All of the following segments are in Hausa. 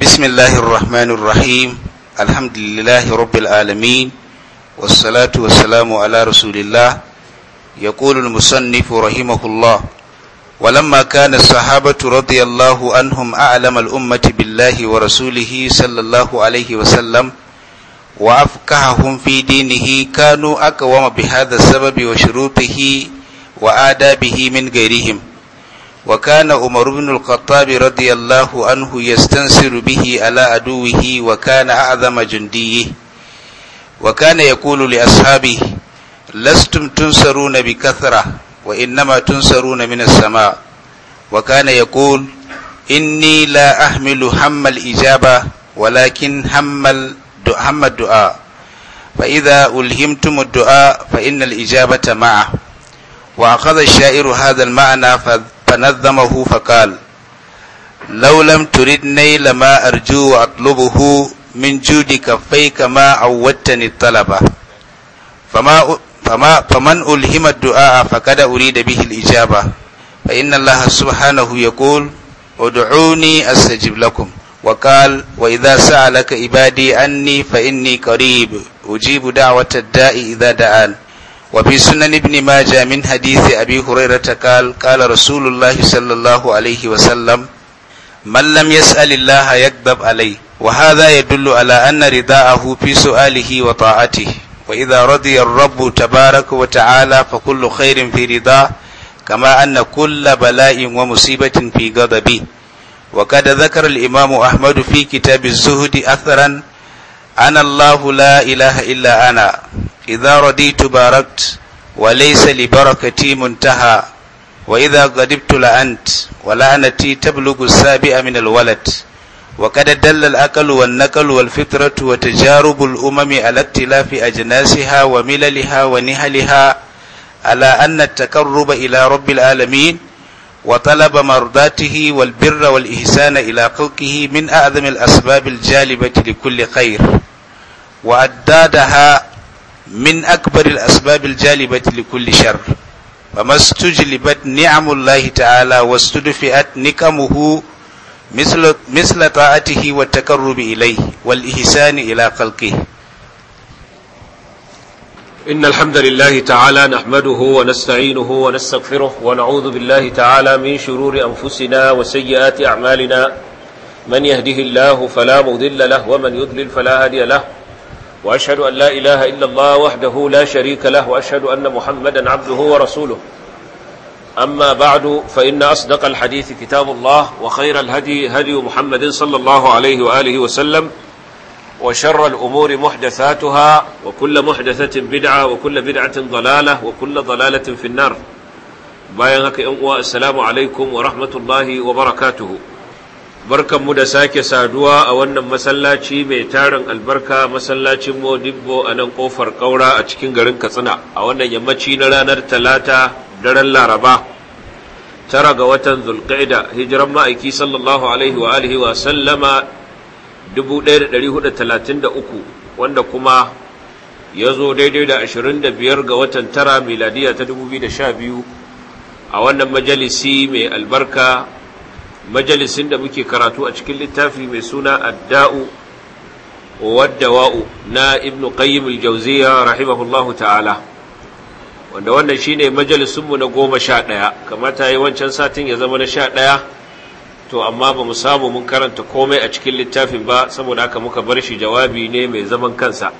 بسم الله الرحمن الرحيم الحمد لله رب العالمين والصلاة والسلام على رسول الله يقول المصنف رحمه الله ولما كان الصحابة رضي الله عنهم أعلم الأمة بالله ورسوله صلى الله عليه وسلم وأفقههم في دينه كانوا أقوم بهذا السبب وشروطه وآدابه من غيرهم وكان عمر بن الخطاب رضي الله عنه يستنصر به على عدوه وكان أعظم جنديه وكان يقول لأصحابه لستم تنصرون بكثرة وإنما تنصرون من السماء وكان يقول إني لا أحمل هم الإجابة ولكن هم هم الدعاء فإذا ألهمتم الدعاء فإن الإجابة معه وأخذ الشاعر هذا المعنى فنظمه فقال لو لم ترد نيل ما أرجو وأطلبه من جودك فيك ما عودتني الطلبة فما فما فمن ألهم الدعاء فقد أريد به الإجابة فإن الله سبحانه يقول ادعوني أستجب لكم وقال وإذا سألك عبادي أني فإني قريب أجيب دعوة الداء إذا دعان وفي سنن ابن ماجه من حديث أبي هريرة قال قال رسول الله صلى الله عليه وسلم من لم يسأل الله يكذب عليه وهذا يدل على أن رداءه في سؤاله وطاعته وإذا رضي الرب تبارك وتعالى فكل خير في رضاه كما أن كل بلاء ومصيبة في غضبه وقد ذكر الإمام أحمد في كتاب الزهد أثرا أنا الله لا إله إلا أنا إذا رديت باركت وليس لبركتي منتهى وإذا غضبت لأنت ولعنتي تبلغ السابع من الولد وقد دل الأكل والنقل والفطرة وتجارب الأمم على اختلاف أجناسها ومللها ونهلها على أن التقرب إلى رب العالمين وطلب مرضاته والبر والإحسان إلى خلقه من أعظم الأسباب الجالبة لكل خير وأدادها من أكبر الأسباب الجالبة لكل شر فما استجلبت نعم الله تعالى واستدفئت نكمه مثل, مثل طاعته والتقرب إليه والإحسان إلى خلقه إن الحمد لله تعالى نحمده ونستعينه ونستغفره ونعوذ بالله تعالى من شرور أنفسنا وسيئات أعمالنا من يهده الله فلا مضل له ومن يضلل فلا هادي له واشهد ان لا اله الا الله وحده لا شريك له واشهد ان محمدا عبده ورسوله اما بعد فان اصدق الحديث كتاب الله وخير الهدي هدي محمد صلى الله عليه واله وسلم وشر الامور محدثاتها وكل محدثه بدعه وكل بدعه ضلاله وكل ضلاله في النار بايعك السلام عليكم ورحمه الله وبركاته barkanmu da sake saduwa a wannan masallaci mai tarin albarka masallacin modibbo a nan kofar kaura a cikin garin katsina a wannan yammaci na ranar talata daren laraba tara ga watan zulqaida hijiran ma'aiki sallallahu alaihi wa alihi wa sallama 1433 wanda kuma ya zo daidai da 25 ga watan tara miladiya ta 2012 a wannan majalisi mai albarka majalisin da muke karatu a cikin littafi mai suna adda'u wa'u na ibn qayyim al-jawziya rahimahullahu ta'ala wanda wannan shine majalisunmu na goma sha ɗaya kamata yi wancan satin ya zama na sha ɗaya to amma bamu samu mun karanta komai a cikin littafin ba saboda haka muka bar shi jawabi ne mai zaman kansa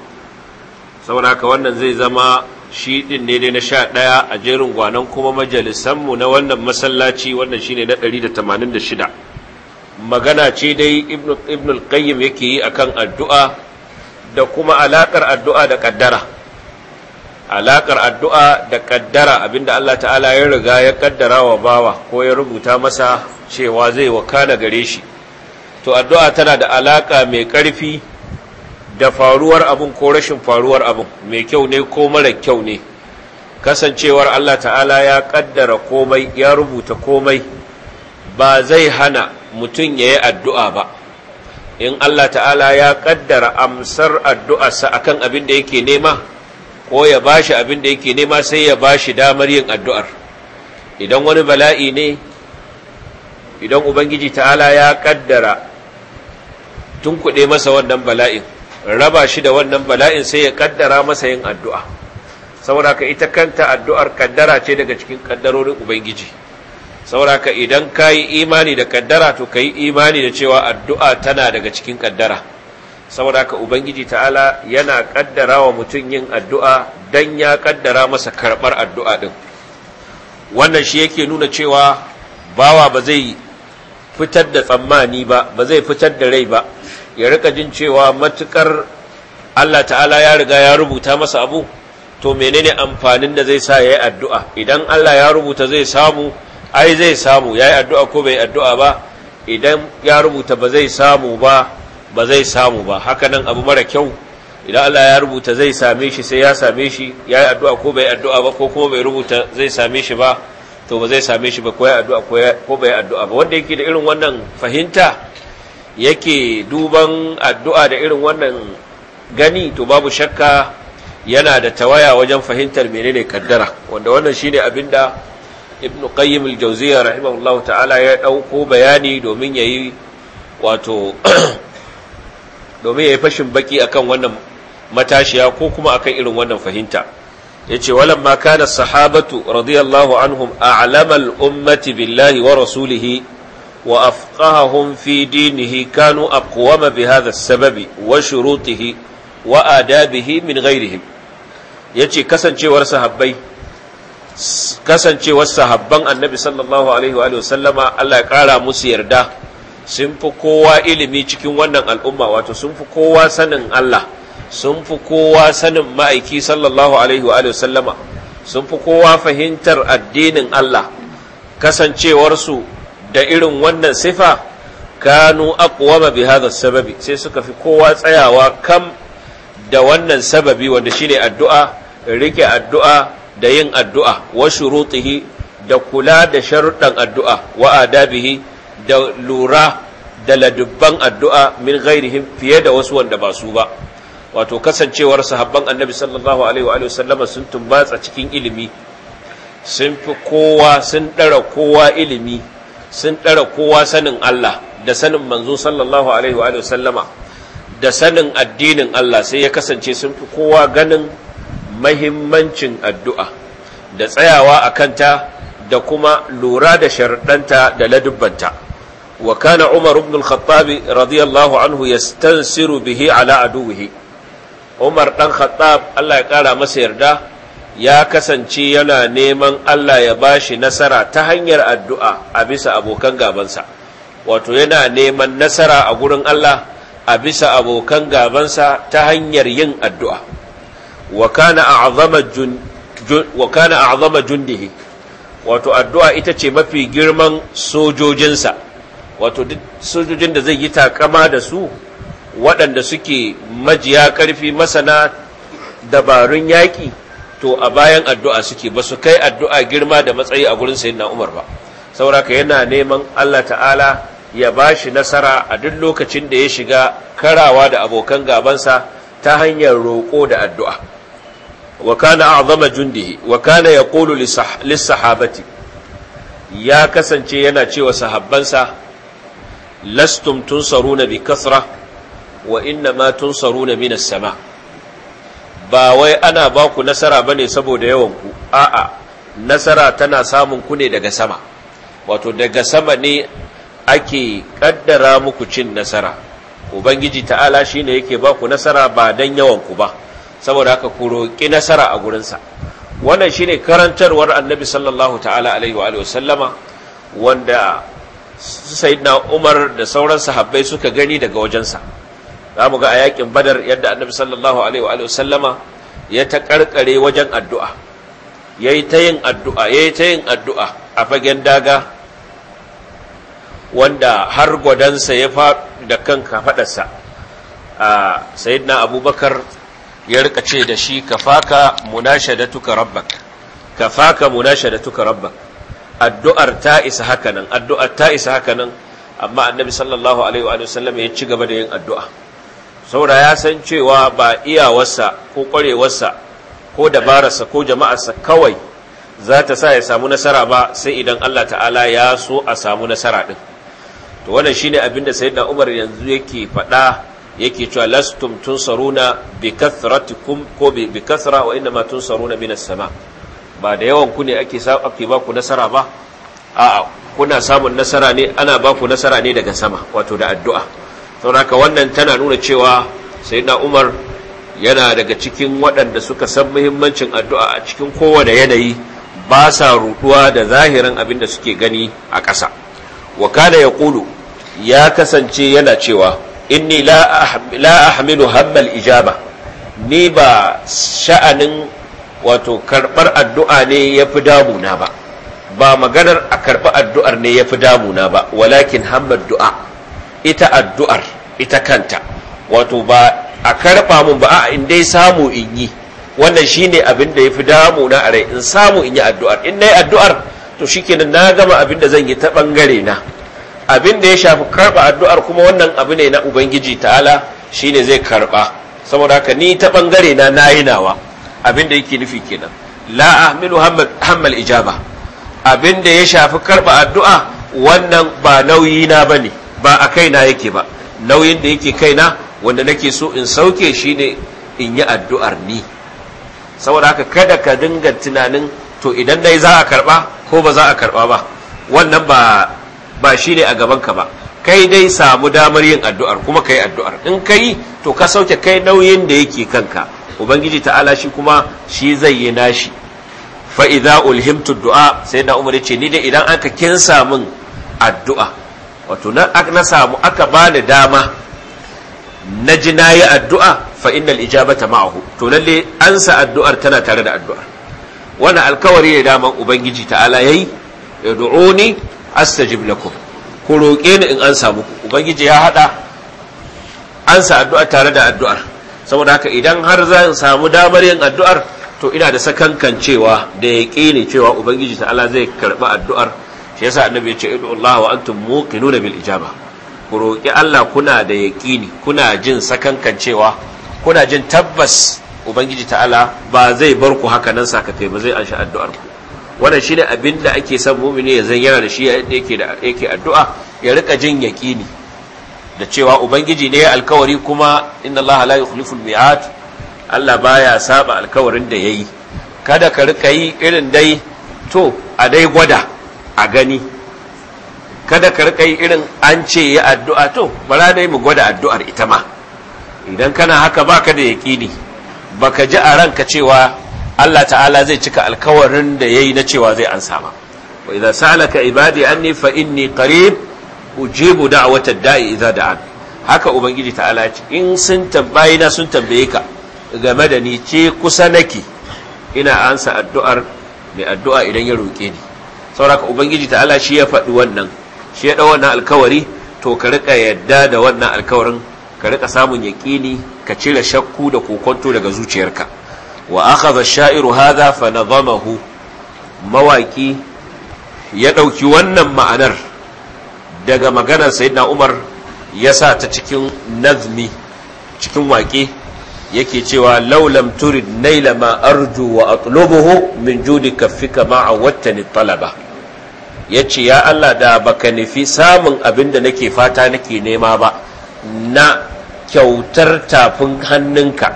saboda haka wannan zai zama shi ɗin ne dai na sha ɗaya a jerin gwanon kuma majalisanmu na wannan masallaci wannan shi ne na 186 magana ce dai ibn al-qayyim yake yi akan addu'a da kuma alaƙar addu'a da ƙaddara alaƙar addu'a da ƙaddara abinda Allah ta'ala ya riga ya ƙaddara wa bawa ko ya rubuta masa cewa zai wakana gare shi to addu'a tana da alaƙa mai ƙarfi da faruwar abin ko rashin faruwar abun mai kyau ne ko mara kyau ne kasancewar Allah ta'ala ya kaddara komai ya rubuta komai ba zai hana mutum ya yi addu'a ba in Allah ta'ala ya kaddara amsar addu'arsa a kan abin da yake nema ko ya ba shi abin da yake nema sai ya ba shi damar yin addu'ar idan wani bala'i ne idan ubangiji ta'ala ya kaddara tun kuɗe masa wannan bala'in raba shi da wannan bala'in sai ya kaddara masa yin addu'a saboda ka ita kanta addu'ar kaddara ce daga cikin kaddarorin ubangiji saboda ka idan ka yi imani da kaddara to ka yi imani da cewa addu'a tana daga cikin kaddara saboda ka ubangiji ta'ala yana kaddara wa mutum yin addu'a don ya kaddara masa karɓar addu'a ɗin wannan shi yake nuna cewa bawa ba zai fitar da tsammani ba ba zai fitar da rai ba ya rika jin cewa matukar Allah ta'ala ya riga ya rubuta masa abu to menene amfanin da zai sa ya yi addu'a idan Allah ya rubuta zai samu ai zai samu ya yi addu'a ko bai addu'a ba idan ya rubuta ba zai samu ba ba zai samu ba haka nan abu mara kyau idan Allah ya rubuta zai same shi sai ya same shi ya yi addu'a ko bai addu'a ba ko kuma bai rubuta zai same shi ba to ba zai same shi ba ko ya addu'a ko bai addu'a ba wanda yake da irin wannan fahimta yake duban addu'a da irin wannan gani to babu shakka yana da tawaya wajen fahimtar menene kaddara wanda wannan shine abinda ibn qayyim al-jawziyya rahimahullahu ta'ala ya dauko bayani domin yayi wato domin yayi fashin baki akan wannan matashiya ko kuma akan irin wannan fahimta yace walamma kana sahabatu radiyallahu anhum a'lamal ummati billahi wa rasulihi وأفقههم في دينه كانوا أقوام بهذا السبب وشروطه وآدابه من غيرهم يجي كسن شوار صحابي كسن شوار صحابان النبي صلى الله عليه وآله وسلم الله قال مسير ده sun fi kowa ilimi cikin wannan al'umma wato sun fi kowa sanin Allah sun fi kowa sanin ma'aiki sallallahu alaihi wa sallama sun fi kowa fahimtar addinin Allah kasancewarsu da irin wannan sifa kanu aqwama bi hadha sababi sai suka fi kowa tsayawa kam da wannan sababi wanda shine addu'a rike addu'a da yin addu'a wa shurutihi da kula da sharuɗan addu'a wa adabihi da lura da ladubban addu'a min ghairihim fiye da wasu wanda ba su ba wato kasancewar sahabban annabi sallallahu alaihi wa sallama sun tumbatsa cikin ilimi sun fi kowa sun dara kowa ilimi sun ɗara kowa sanin Allah da sanin manzo sallallahu alaihi wa da sanin addinin Allah sai ya kasance sun fi kowa ganin mahimmancin addu'a da tsayawa a kanta da kuma lura da sharɗanta da ladubbanta wa kana umar ibn al-khattab radiyallahu anhu yastansiru bihi ala aduwihi umar dan khattab Allah ya kara masa yarda ya kasance yana neman Allah ya ba shi nasara ta hanyar addu'a a bisa abokan gabansa wato yana neman nasara a gurin Allah a bisa abokan gabansa ta hanyar yin addu'a wa kana a'zama jundihi wato addu'a ita ce mafi girman sojojinsa wato sojojin da zai yi takama da su waɗanda suke majiya ƙarfi masana dabarun yaƙi to a bayan addu'a suke ba su kai addu'a girma da matsayi a gurin na Umar ba sauraka yana neman Allah ta'ala ya ba shi nasara a duk lokacin da ya shiga karawa da abokan gabansa ta hanyar roƙo da addu'a wa kana zama jundihi wa kana yaqulu ya kasance yana cewa sahabbansa lastum na bi kasra wa inna ma na minas sama' ba wai ana ba ku nasara bane saboda yawan a'a nasara tana samun ku ne daga sama wato daga sama ne ake kaddara muku cin nasara ubangiji ta'ala shine yake ba ku nasara ba dan yawan ku ba saboda haka ku roƙi nasara a gurinsa wannan shine karantarwar annabi sallallahu ta'ala alaihi wa sallama wanda sayyidina umar da sauran sahabbai suka gani daga wajensa za mu ga a yakin badar yadda annabi sallallahu alaihi wa sallama ya ta karkare wajen addu'a yayi ta yin addu'a yayi ta yin addu'a a fagen daga wanda har gwadansa ya faɗi da kan kafadarsa a sayyidina abubakar ya rika ce da shi kafaka munashadatuka rabbak kafaka munashadatuka rabbak addu'ar ta isa hakanan addu'ar ta isa hakanan amma annabi sallallahu alaihi wa sallama ya ci gaba da yin addu'a saboda ya san cewa ba iyawarsa ko kwarewarsa ko dabararsa ko jama'arsa kawai za ta sa ya samu nasara ba sai idan Allah ta'ala ya so a samu nasara ɗin to wannan shine abin da sayyidina Umar yanzu yake faɗa yake cewa lastum tunsaruna bi kathratikum ko bi kathra wa tun tunsaruna minas sama ba da yawan ku ne ake ake ba ku nasara ba a'a kuna samun nasara ne ana ba ku nasara ne daga sama wato da addu'a sauraka wannan tana nuna cewa sai na umar yana daga cikin waɗanda suka san muhimmancin addu'a a cikin kowane yanayi ba sa ruɗuwa da zahirin abin da suke gani a ƙasa wakala ya ƙulu ya kasance yana cewa inni la Hamilu hammal ijaba ni ba sha'anin wato karɓar addu'a ne ya fi damuna ba ba maganar a karɓi addu'ar ne ya fi damuna ba walakin hammar du'a ita addu'ar ita kanta wato ba a karɓa mun ba a in dai samu in yi wannan shi ne abin da ya fi damu na a rai in samu in yi addu'ar in yi addu'ar to shi kenan na gama abin da zan yi ta bangare na abin da ya shafi karɓa addu'ar kuma wannan abu ne na ubangiji ta'ala shi ne zai karɓa. saboda haka ni ta bangare na yi nawa abin da yake nufi kenan la ahmilu hammal ijaba abin da ya shafi karɓa addu'a wannan ba nauyi na ba ne. ba a kaina yake ba nauyin da yake kaina wanda nake so in sauke shi ne in yi addu'ar ni saboda haka kada ka dinga tunanin to idan dai za a karba ko ba za a karba ba wannan ba ba shi ne a gaban ka ba kai dai samu damar yin addu'ar kuma ka yi addu'ar in ka yi to ka sauke kai nauyin da yake kanka ubangiji ta'ala shi kuma shi zai yi nashi fa'iza ulhimtu du'a sai na umar ce ni dai idan aka kinsa min addu'a wato nan na samu aka bani dama na ji na yi addu'a fa innal ijabata ma'ahu to lalle ansa addu'ar tana tare da addu'a Wani alkawari ne daman ubangiji ta'ala ni ud'uni astajib lakum ku roƙe ni in an samu ubangiji ya hada ansa addu'a tare da addu'ar saboda haka idan har zan samu damar yin addu'ar to ina da sakankan cewa da ya ni cewa ubangiji ta'ala zai karɓi addu'ar shi yasa annabi ya ce idu Allah wa antum muqinuna bil ijaba ku roki Allah kuna da yaqini kuna jin sakankan cewa kuna jin tabbas ubangiji ta'ala ba zai bar ku haka nan kai ba zai anshi addu'ar ku wannan shine abin da ake son mu'mini ya zan yana da shi yake da yake addu'a ya rika jin yaqini da cewa ubangiji ne alkawari kuma inna Allah la yukhlifu al-mi'ad Allah baya saba alkawarin da yayi kada ka rika yi irin dai to a dai gwada a gani kada ka rika irin an ce ya addu'a to bara dai mu gwada addu'ar ita ma idan kana haka baka da yaqini baka ji a ranka cewa Allah ta'ala zai cika alkawarin da yayi na cewa zai ansa ma wa idza salaka ibadi anni fa inni qarib ujibu da'wata da'i idza da'an haka ubangiji ta'ala ce in sun tambaye na sun tambaye ka game da ni ce kusa nake ina ansa addu'ar mai addu'a idan ya roke ni sauraka ubangiji ta'ala shi ya faɗi wannan shi ya ɗau wannan alkawari to ka riƙa yadda da wannan alkawarin ka riƙa samun yaƙini ka cire shakku da kokonto daga zuciyarka wa akhadha sha'iru hadha fa nadamahu mawaki ya ɗauki wannan ma'anar daga maganar sayyidina Umar ya sa ta cikin nazmi cikin waƙe yake cewa laulam turid naila ma arju wa atlubuhu min judi kaffika ma talaba ya ce ya Allah da baka nufi samun abin da nake fata nake nema ba na kyautar tafin hannunka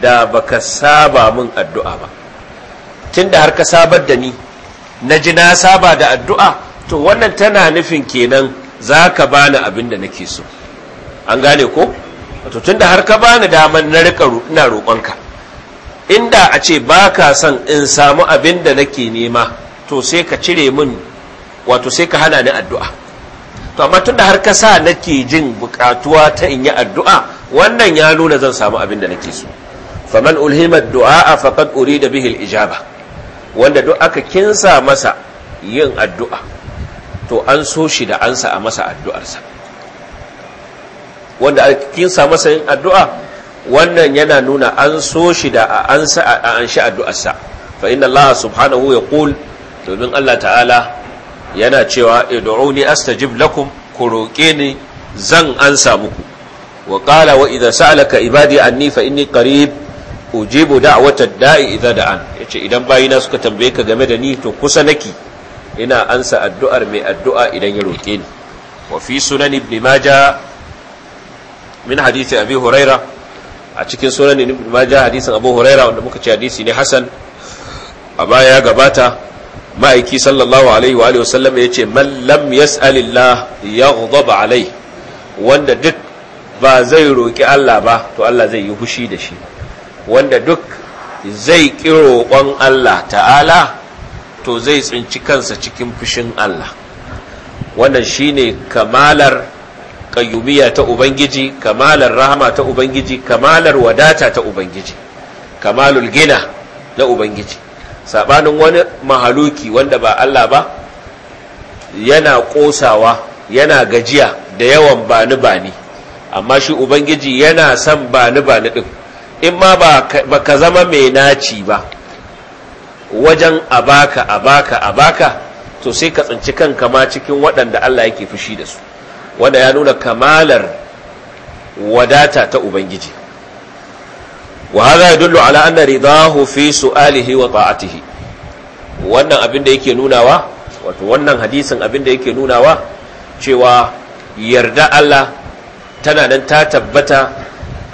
da baka saba min addu'a ba tun da har ka sabar da ni na ji na saba da addu'a to wannan tana nufin kenan za ka bani abin da nake so an gane ko? to tun da har ka bani daman na rika ina roƙonka inda a ce ba ka son in samu abin da nake nema to sai ka cire min wato sai ka hana ni addu'a to amma tunda har ka sa nake jin bukatuwa ta in yi addu'a wannan ya nuna zan samu abin da nake so faman ulhima du'a faqad urida bihi bihil ijaba wanda duk aka kinsa masa yin addu'a to an so shi da ansa a masa addu'arsa wanda aka kinsa masa yin addu'a wannan yana nuna an so shi da a ansa a anshi addu'arsa fa inna Allah subhanahu yaqul domin Allah ta'ala yana cewa id'uni astajib lakum ku roke ni zan ansa muku wa qala wa idza sa'alaka ibadi anni fa inni qarib ujibu da'wata da'i idza da'an yace idan bayina suka tambaye ka game da ni to kusa naki ina ansa addu'ar mai addu'a idan ya roke ni wa fi sunan ibn majah min hadisi abi huraira a cikin sunan ibn majah hadisin abu huraira wanda muka ce hadisi ne hasan a baya ya gabata ma'aiki sallallahu alaihi wa sallam ya ce man lam ya yaghdab alai wanda duk ba zai roki Allah ba to Allah zai yi hushi da shi wanda duk zai ki roƙon Allah ta'ala to zai tsinci kansa cikin fushin Allah wannan shine kamalar ƙayyumiya ta ubangiji kamalar rahama ta ubangiji kamalar wadata ta ubangiji kamalul gina na ubangiji sabanin wani mahaluki wanda ba Allah ba yana ƙosawa, yana gajiya da yawan bani bani amma shi ubangiji yana son bani bani din in ma ba ka zama mai naci ba wajen abaka abaka abaka to sai ka tsinci kanka ma cikin waɗanda Allah yake fushi da su wanda ya nuna kamalar wadata ta ubangiji wa hadha yadullu ala anna ridahu fi su'alihi wa ta'atihi wannan abin da yake nunawa wato wannan hadisin abin da yake nunawa cewa yarda Allah tana nan ta tabbata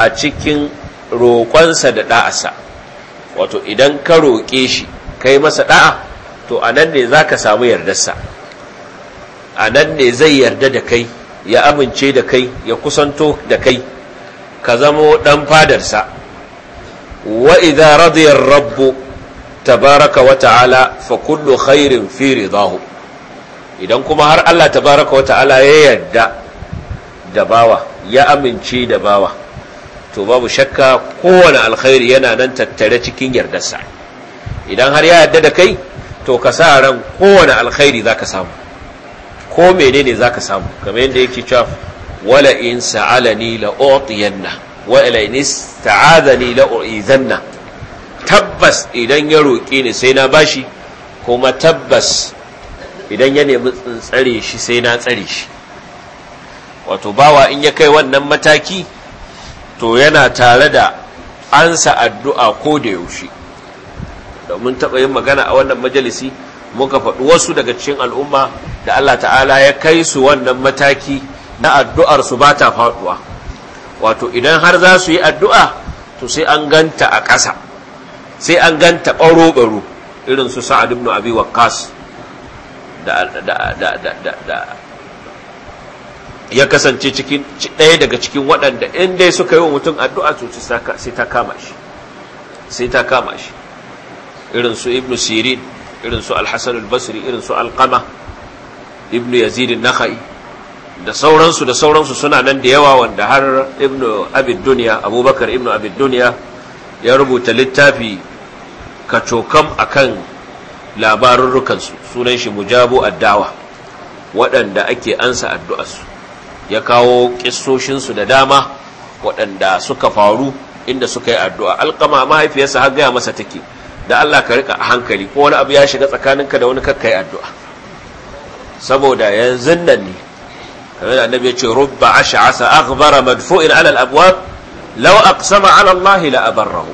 a cikin roƙonsa da da'asa wato idan ka roƙe shi kai masa da'a to anan ne zaka samu yardarsa anan ne zai yarda da kai ya amince da kai ya kusanto da kai ka zamo dan fadarsa wa idza radiya rabbu tabaraka wata ta'ala fa kullu khairin fi ridahu idan kuma har Allah tabaraka wa ta'ala ya yarda da bawa ya amince da bawa to babu shakka kowane alkhairi yana nan tattare cikin yardarsa idan har ya yarda da kai to ka sa ran kowane alkhairi zaka samu ko menene zaka samu Kama yadda yake cewa wala in sa'alani la utiyanna wa ilainis ta'adani la'u'izanna tabbas idan ya roƙe ni sai na bashi kuma tabbas idan ya nemi tsare shi sai na tsare shi wato bawa in ya kai wannan mataki to yana tare da ansa addu'a ko da yaushe domin taɓa yin magana a wannan majalisi muka faɗi wasu daga cikin al'umma da Allah ta'ala ya kai su wannan mataki na addu'ar su ba ta faɗuwa wato idan har za su yi addu'a to sai an ganta a ƙasa sai an ganta ɓaro-ɓaro irin su sa'ad ibn abi waqqas da ya kasance cikin ɗaya daga cikin waɗanda in dai suka yi wa mutum addu'a to sai ta kama shi sai ta kama shi irin su ibn sirin irin su al-hasan al-basri irin su al-qama ibn yazid an-nakhai da sauransu da sauransu suna nan da yawa wanda har ibnu abid duniya abubakar ibnu abid duniya ya rubuta littafi kacokam akan labarurrukansu sunan shi mujabu addawa waɗanda ake ansa addu'arsu ya kawo ƙisoshinsu da dama waɗanda suka faru inda suka yi addu'a alƙama mahaifiyarsa har gaya masa take da Allah ka rika a hankali ko wani abu ya shiga tsakaninka da wani kakkai yi addu'a saboda yanzu nan ne kamar da annabi ya ce rubba ash'asa aghbara madfu'in ala al-abwab law aqsama ala Allah la abarrahu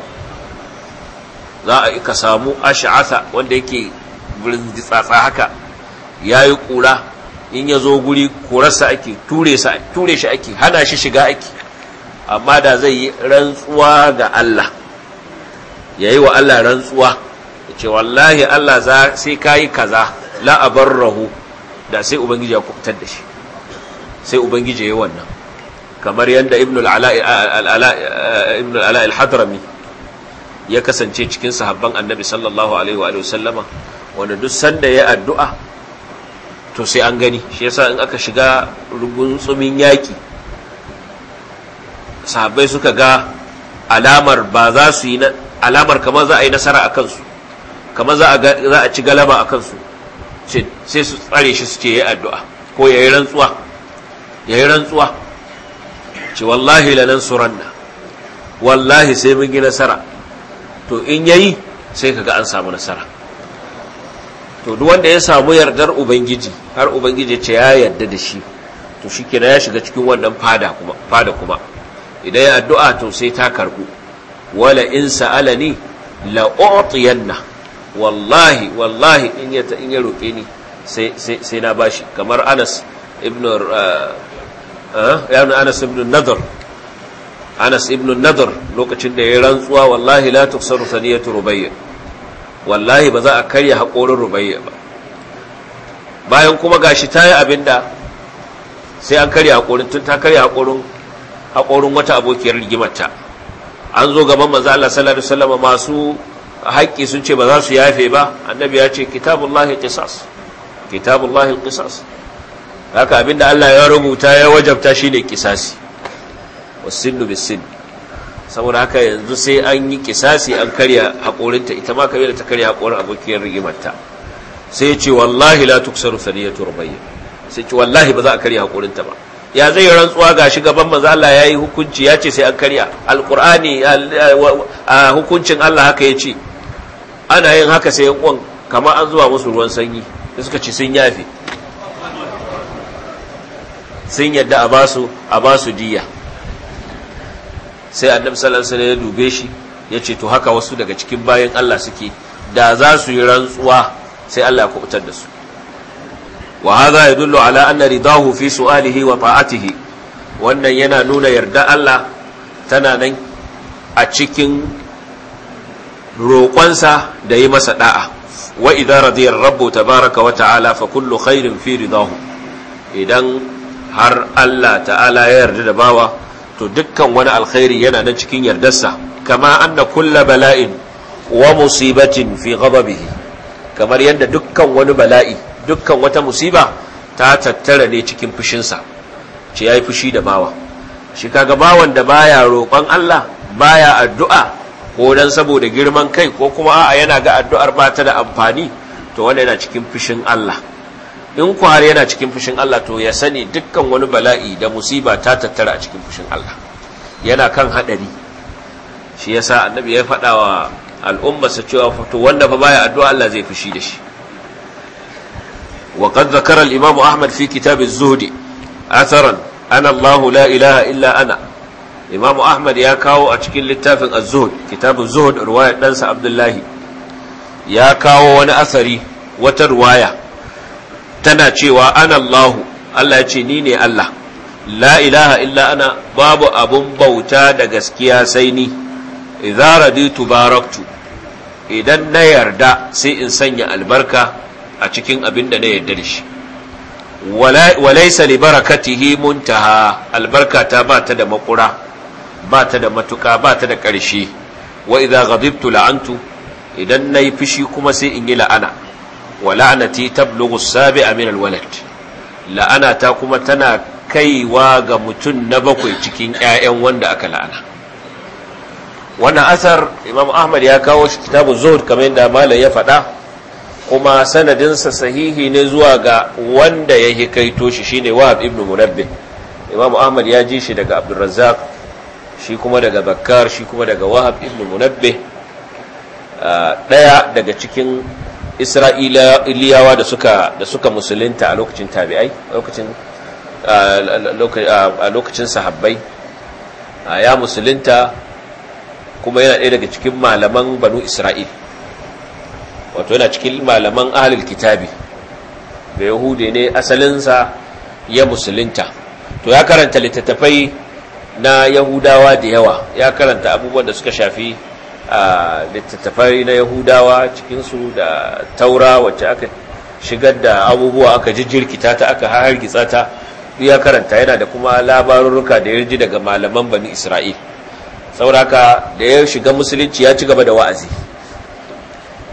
za a ka samu ash'asa wanda yake gurin tsatsa haka yayi kula in ya zo guri kurarsa ake ture sa ture shi ake hana shi shiga ake amma da zai yi rantsuwa ga Allah yayi wa Allah rantsuwa ce wallahi Allah sai kayi kaza la abarrahu da sai ubangiji ya kubutar da shi sai ubangiji ya yi wannan kamar yadda ibn al'ala al-hadrami ya kasance cikin sahabban annabi sallallahu alaihi wa sallama wanda duk sanda ya addu'a to sai an gani shi yasa in aka shiga rugun tsumin yaƙi sahabbai suka ga alamar ba za su yi alamar kamar za a yi nasara a kansu kamar za a ci galama a kansu sai su tsare shi su ce ya addu'a ko ya yi rantsuwa ya yi rantsuwa Ci wallahi lanan suranna wallahi sai mun yi nasara to in yayi sai kaga an samu nasara to duk wanda ya samu yardar ubangiji har ubangiji ce ya yarda da shi to shi ya shiga cikin wannan fada kuma fada kuma idan ya addu'a to sai ta karbu wala in sa'alani la u'tiyanna wallahi wallahi in ya in ya roke ni sai sai na bashi kamar Anas ibn uh, ya nuna anas ibn nadar anas ibn nadar lokacin da ya rantsuwa wallahi la tufsaru saniyatu rubayya wallahi ba za a karya haƙorin rubayya ba bayan kuma gashi ta yi abin da sai an karya haƙorin tun ta karya haƙorin wata abokiyar rigimarta an zo gaban manzo Allah sallallahu alaihi wasallam masu haƙƙi sun ce ba za su yafe ba annabi ya ce kitabullahi qisas kitabullahi qisas haka abinda Allah ya rubuta ya wajabta shine kisasi wasillu bisin saboda haka yanzu sai an yi kisasi an karya haƙorinta ita ma kabila ta karya haƙorin abokiyar rigimarta sai ce wallahi la tuksaru sariyatu rubayya sai ce wallahi ba za a karya haƙorinta ba ya zai rantsuwa ga shi gaban manzo Allah yayi hukunci ya ce sai an karya alqur'ani hukuncin Allah haka ya ce ana yin haka sai yan kamar an zuwa musu ruwan sanyi suka ce sun yafe sun yadda a basu a basu diya sai annabi sallallahu alaihi wasallam ya dube shi ya ce to haka wasu daga cikin bayan Allah suke da za su yi rantsuwa sai Allah ya kubutar da su wa hadha yadullu ala anna ridahu fi su'alihi wa ta'atihi wannan yana nuna yarda Allah tana nan a cikin roƙonsa da yi masa da'a wa idza radiya rabbu tabaraka wa ta'ala fa kullu khairin fi ridahu idan har Allah ta'ala ya yarda da bawa to dukkan wani alkhairi yana nan cikin yardarsa kama anna kulla bala'in wa musibatin fi ghadabihi kamar yadda dukkan wani bala'i dukkan wata musiba ta tattara ne cikin fushinsa ce yayi fushi da bawa shi kaga bawan da baya roƙon Allah baya addu'a ko dan saboda girman kai ko kuma a'a yana ga addu'ar ba ta da amfani to wanda yana cikin fushin Allah in kwari yana cikin fushin Allah to ya sani dukkan wani bala'i da musiba ta tattara a cikin fushin Allah yana kan haɗari shi yasa annabi ya faɗa wa al'ummarsa cewa to wanda fa baya addu'a Allah zai fushi da shi wa qad zakara al-imam Ahmad fi kitab az-zuhd atharan ana Allah la ilaha illa ana imam Ahmad ya kawo a cikin littafin az-zuhd kitab az-zuhd riwayar ɗansa Abdullahi ya kawo wani asari wata riwaya tana cewa ana Allahu Allah ya ce ni ne Allah la ilaha illa ana babu abun bauta da gaskiya sai ni idza raditu baraktu idan na yarda sai in sanya albarka a cikin abin da na yarda da shi walaysa li barakatihi muntaha albarka ta ba ta da makura ba ta da matuka ba ta da ƙarshe wa idza ghadibtu la'antu idan nayi fushi kuma sai in yi la'ana wa la'anati tablughu as-sabi'a min al-walad la'ana ta kuma tana kaiwa ga mutum na bakwai cikin ƴaƴan wanda aka la'ana wannan asar imam ahmad ya kawo shi kitabu zuhud kamar yadda malai ya faɗa kuma sanadinsa sahihi ne zuwa ga wanda ya hikaito shi shine wahab ibn munabbi imam ahmad ya ji shi daga abdurrazzaq shi kuma daga bakkar shi kuma daga wahab ibnu munabbih daya ah, daga cikin isra'iliyawa da suka da suka musulunta a lokacin tabi'ai a lokacin sahabbai ya musulunta kuma yana ɗaya daga cikin malaman banu isra'il wato yana cikin malaman ahalil kitabi da yahude ne asalinsa ya musulunta to ya karanta littattafai na yahudawa da yawa ya karanta abubuwan da suka shafi littattafai na yahudawa cikinsu da taura wacce aka shigar da abubuwa aka jirkita ta aka hargitsa ta ya karanta yana da kuma labarurruka da ya ji daga malaman bani isra'il sauraka da ya shiga musulunci ya ci gaba da wa'azi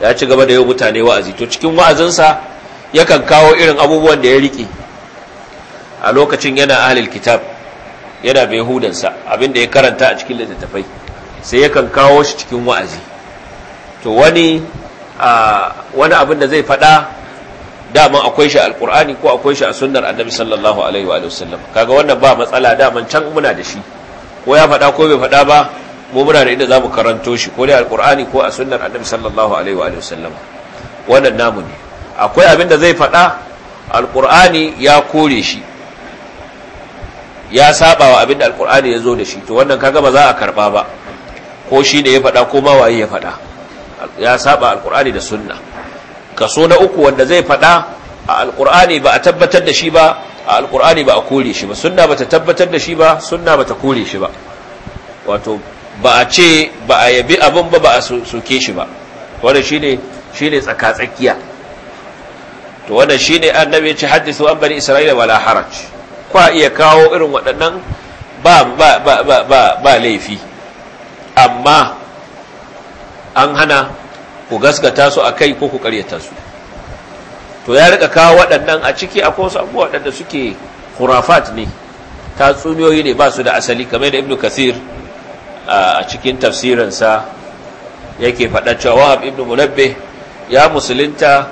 ya ci gaba da yau mutane wa'azi to cikin wa'azinsa ya kan kawo irin abubuwan da ya riƙe a lokacin yana ahalil kitab yana mai hudansa abinda ya karanta a cikin littattafai sai yakan kawo shi cikin wa'azi to wani wani abin da zai faɗa daman akwai shi alkur'ani ko akwai shi a sunnar annabi sallallahu alaihi wa sallam kaga wannan ba matsala daman can muna da shi ko ya faɗa ko bai faɗa ba mu muna da inda zamu karanto shi ko dai alkur'ani ko a sunnar annabi sallallahu alaihi wa sallam wannan namu ne akwai abin da zai faɗa alkur'ani ya kore shi ya saba wa abin da alkur'ani ya zo da shi to wannan kaga ba za a karba ba ko shi ne ya faɗa ko ma waye ya faɗa ya saba alkur'ani da sunna kaso na uku wanda zai faɗa a alkur'ani ba a tabbatar da shi ba a alkur'ani ba a kore shi ba sunna ba ta tabbatar da shi ba sunna ba ta kore shi ba wato ba a ce ba a yabi abin ba ba a soke shi ba wannan shine shine tsakiya to wannan shine annabi ya ce hadithu an bani isra'ila wala haraj kwa iya kawo irin waɗannan ba ba ba ba ba laifi amma an hana ku gaskata su a kai ko ku karyata su to ya rika kawo waɗannan a ciki a kosa abubuwa waɗanda suke hurafat ne tatsuniyoyi ne ba su da asali kamar da ibnu kasir a cikin tafsirinsa yake faɗa cewa wahab ibnu mulabbe ya musulunta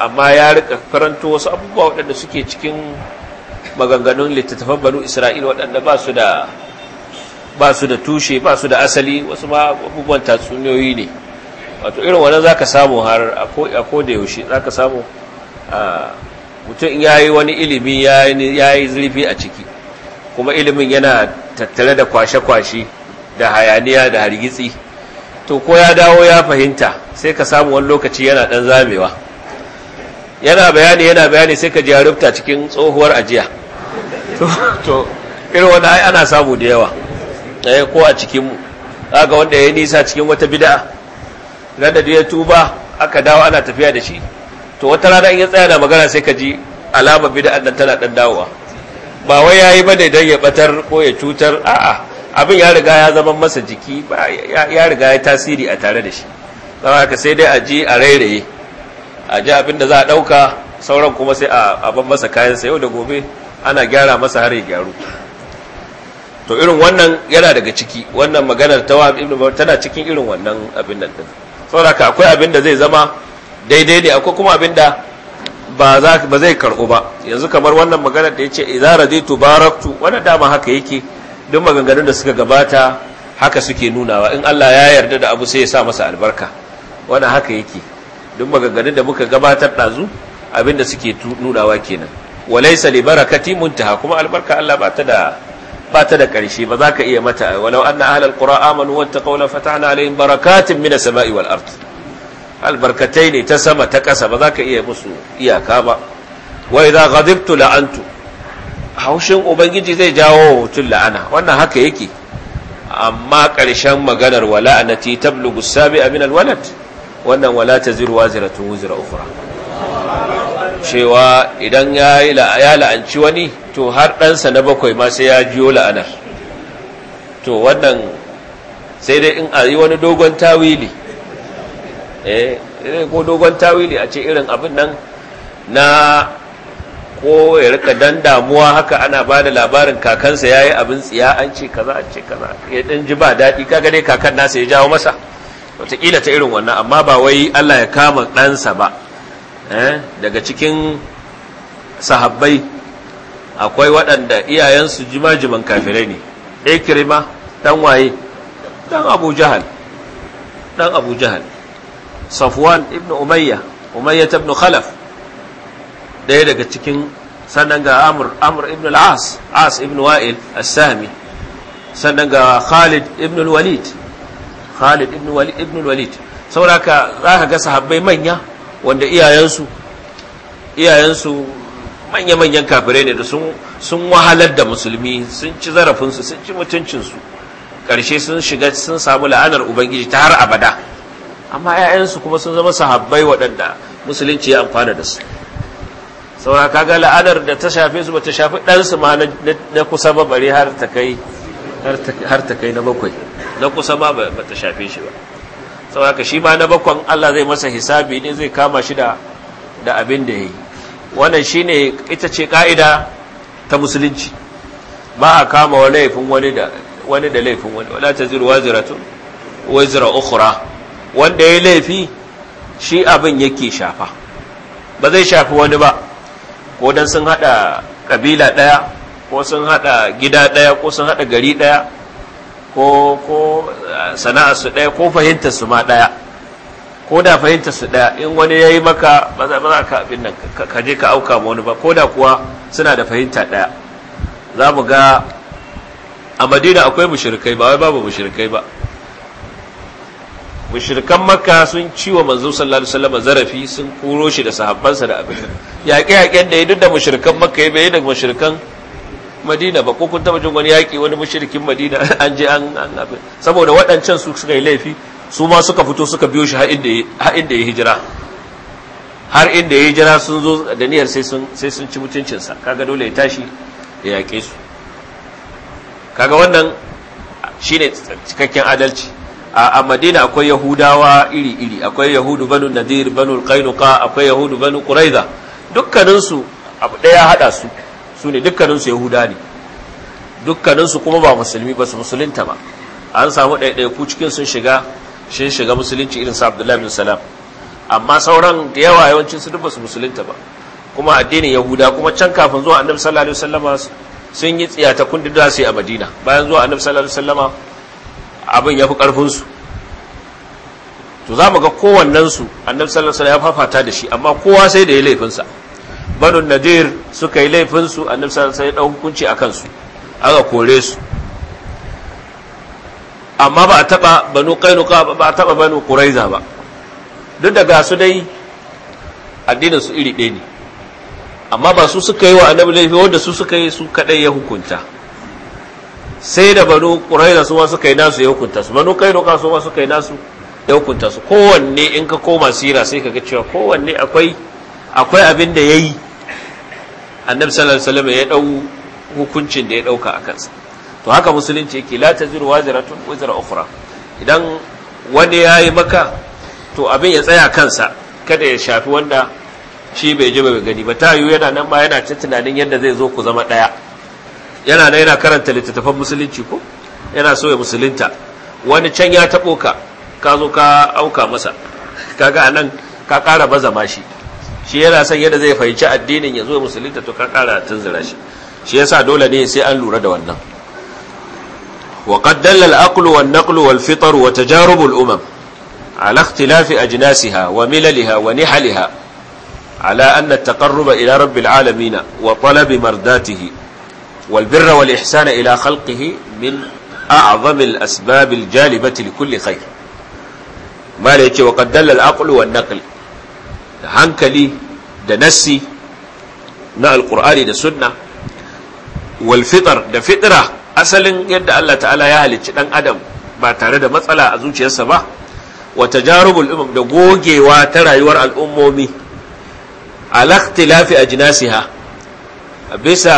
amma ya rika karanto wasu abubuwa waɗanda suke cikin maganganun littattafan banu isra'ila waɗanda ba su da ba su da tushe ba su da asali wasu ma abubuwan tatsuniyoyi ne wato irin wannan zaka samu har a ko da yaushe zaka samu mutum ya yi wani ilimi ya yi zurfi a ciki kuma ilimin yana tattare da kwashe-kwashe da hayaniya da hargitsi to ko ya dawo ya fahimta sai ka samu wani lokaci yana dan zamewa yana bayani yana bayani sai ka jarubta cikin tsohuwar ajiya to irin wani ana samu da yawa ɗaya ko a cikin mu kaga wanda ya nisa cikin wata bidaa ran da ya tuba aka dawo ana tafiya da shi to wata rana in ya tsaya da magana sai ka ji alama bidaa nan tana dan dawowa ba wai ya yi ba da ya batar ko ya cutar a'a abin ya riga ya zama masa jiki ya riga ya tasiri a tare da shi zama ka sai dai a ji a rairaye a ji abin da za a ɗauka sauran kuma sai a ban masa kayansa yau da gobe ana gyara masa har ya gyaru to irin wannan yana daga ciki wannan maganar ta tana cikin irin wannan abin nan din saboda akwai abin da zai zama daidai ne akwai kuma abin da ba za ba zai karbu ba yanzu kamar wannan maganar da yace idza raditu baraktu wannan dama haka yake duk maganganun da suka gabata haka suke nunawa in Allah ya yarda da abu sai ya sa masa albarka wannan haka yake duk maganganun da muka gabatar dazu abin da suke nunawa kenan walaysa li barakati muntaha kuma albarka Allah ba ta da ba ta da ƙarshe ba za ka iya mata walau anna ahlal qura amanu wattaqaw la na alaihim barakatin minas sama'i wal ard albarkatai ne ta sama ta ƙasa ba za ka iya musu iyaka ba wai idza ghadibtu la'antu haushin ubangiji zai jawo hutun la'ana wannan haka yake amma ƙarshen maganar wala'anati tablughu sabi'a min alwalad wannan wala taziru waziratun wuzra ufura cewa idan ya la'anci wani to har ɗansa na bakwai ma sai ya jiyo la'anar to wannan sai dai in a yi wani dogon tawili eh, eh ko dogon tawili a ce irin abin nan na ko ya rika dan damuwa haka ana ba da labarin kakansa ya yi abin tsiya an ce kaza an ce kaza ya ɗan ji ba daɗi kaga dai kakan nasa ya jawo masa wataƙila ta irin wannan amma ba wai allah ya kama ɗansa ba Eh, daga cikin sahabbai akwai waɗanda iyayensu jima-jiman kafirai ne ikirma dan waye dan abu jahal dan abu jahal safwan ibn umayya umayya ibn khalaf ɗaya daga cikin sannan ga amr amr ibn al-as as ibn wa'il as sami sannan ga khalid ibn al-walid khalid ibn walid ibn al-walid saboda ka ga sahabbai manya wanda iyayensu iyayensu manya-manyan kafirai ne da sun wahalar da musulmi sun ci zarafinsu sun ci mutuncinsu ƙarshe sun shiga sun samu la'anar ubangiji ta har abada amma 'ya'yansu kuma sun zama sahabbai waɗanda musulunci ya amfana da su saura kaga la'anar da ta shafe su ba ta shafi ɗansu ma na kusa ba bare har ta kai na bakwai na kusa ma ba ta shafe shi ba saboda shi ma na bakon Allah zai masa hisabi ne zai kama shi da abinda abin da yayi wannan shine ita ce kaida ta musulunci ba a kama wani laifin wani da wani ta zira waziratun wazira ukura wanda yayi laifi shi abin yake shafa ba zai shafi wani ba ko dan sun hada kabila daya ko sun hada gida daya ko sun hada gari daya ko ko eh, sana'ar su ɗaya ko fahimtar su ma ɗaya ko da fahimtar su ɗaya in wani ya yi maka ba za ka abin nan ka je ka auka ma wani ba ko da kuwa suna da fahimta ɗaya za mu ga a madina akwai mushrikai ba wai babu mushrikai ba mushrikan maka sun ciwo manzo sallallahu alaihi wasallam zarafi sun kuro shi da sahabbansa da abin yaƙe-yaƙen da ya duk da mushrikan maka ya bayyana da madina ba ko kun taba jin wani yaƙi wani mushrikin madina an je an abin saboda waɗancan su suka yi laifi su ma suka fito suka biyo shi har inda ya hijira har inda ya hijira sun zo da niyyar sai sun ci mutuncinsa kaga dole ya tashi ya yaƙe su kaga wannan shine cikakken adalci a madina akwai yahudawa iri-iri akwai yahudu banu nadir banu kainuka akwai yahudu banu quraiza dukkaninsu abu ɗaya haɗa su su ne dukkaninsu yahuda ne dukkaninsu kuma ba musulmi ba su musulunta ba an samu ku cikin sun shiga shin shiga musulunci irin sa abdullahi bin salam amma sauran da yawa yawancin su duk ba su musulunta ba kuma addinin yahuda kuma can kafin zuwa annabi sallallahu alaihi wasallama sun yi tsiyata kundi da su yi a madina bayan zuwa annabi sallallahu alaihi wasallama abin ya fi karfin su to za mu ga kowannen su annabi sallallahu alaihi wasallama ya fafata da shi amma kowa sai da ya laifin sa banu nadir suka yi laifinsu a sallallahu sai ɗan hukunci a kansu aka kore su amma ba a taɓa banu qainuqa ba a taɓa banu Kuraiza ba duk da ga su dai addinin su iri ɗaya ne amma ba su suka yi wa annabi laifi wanda su suka yi su kadai ya hukunta sai da banu Kuraiza su ma suka yi nasu ya hukunta su banu qainuqa su ma suka yi nasu ya hukunta su kowanne in ka koma sira sai ka ga cewa kowanne akwai akwai abin da ya yi sallallahu alaihi wasallam ya dau hukuncin da ya ɗauka a kansa to haka musulunci yake la taziru waziratun wazira ukhra idan wani ya yi maka to abin ya tsaya kansa kada ya shafi wanda shi bai ji bai gani ba ta yiwu yana nan ba yana ta tunanin yadda zai zo ku zama ɗaya yana nan yana karanta littattafan musulunci ko yana so ya musulunta wani can ya taɓo ka ka zo ka auka masa kaga anan ka ƙara baza shi. shi yana son yadda zai fahimci addinin ya zo musulunta to ka kara zira shi shi yasa dole ne sai an lura da wannan wa qad dalla al-aqlu wan naqlu wal fitr wa tajarub al-umam ala ikhtilafi ajnasiha wa milaliha wa nihaliha ala anna at-taqarruba ila rabbil alamin wa talabi mardatihi wal birra wal ihsana ila khalqihi min a'zami al-asbab al-jalibati li kulli khair ما ليتي وقد دل العقل والنقل da hankali da nassi na alkur'ani da sunna wal fitar da fitra asalin yadda Allah ta'ala ya halicci dan adam ba tare da matsala a zuciyarsa ba wa tajarubul umam da gogewa ta rayuwar al'ummomi alaktilafi a jinasiha bisa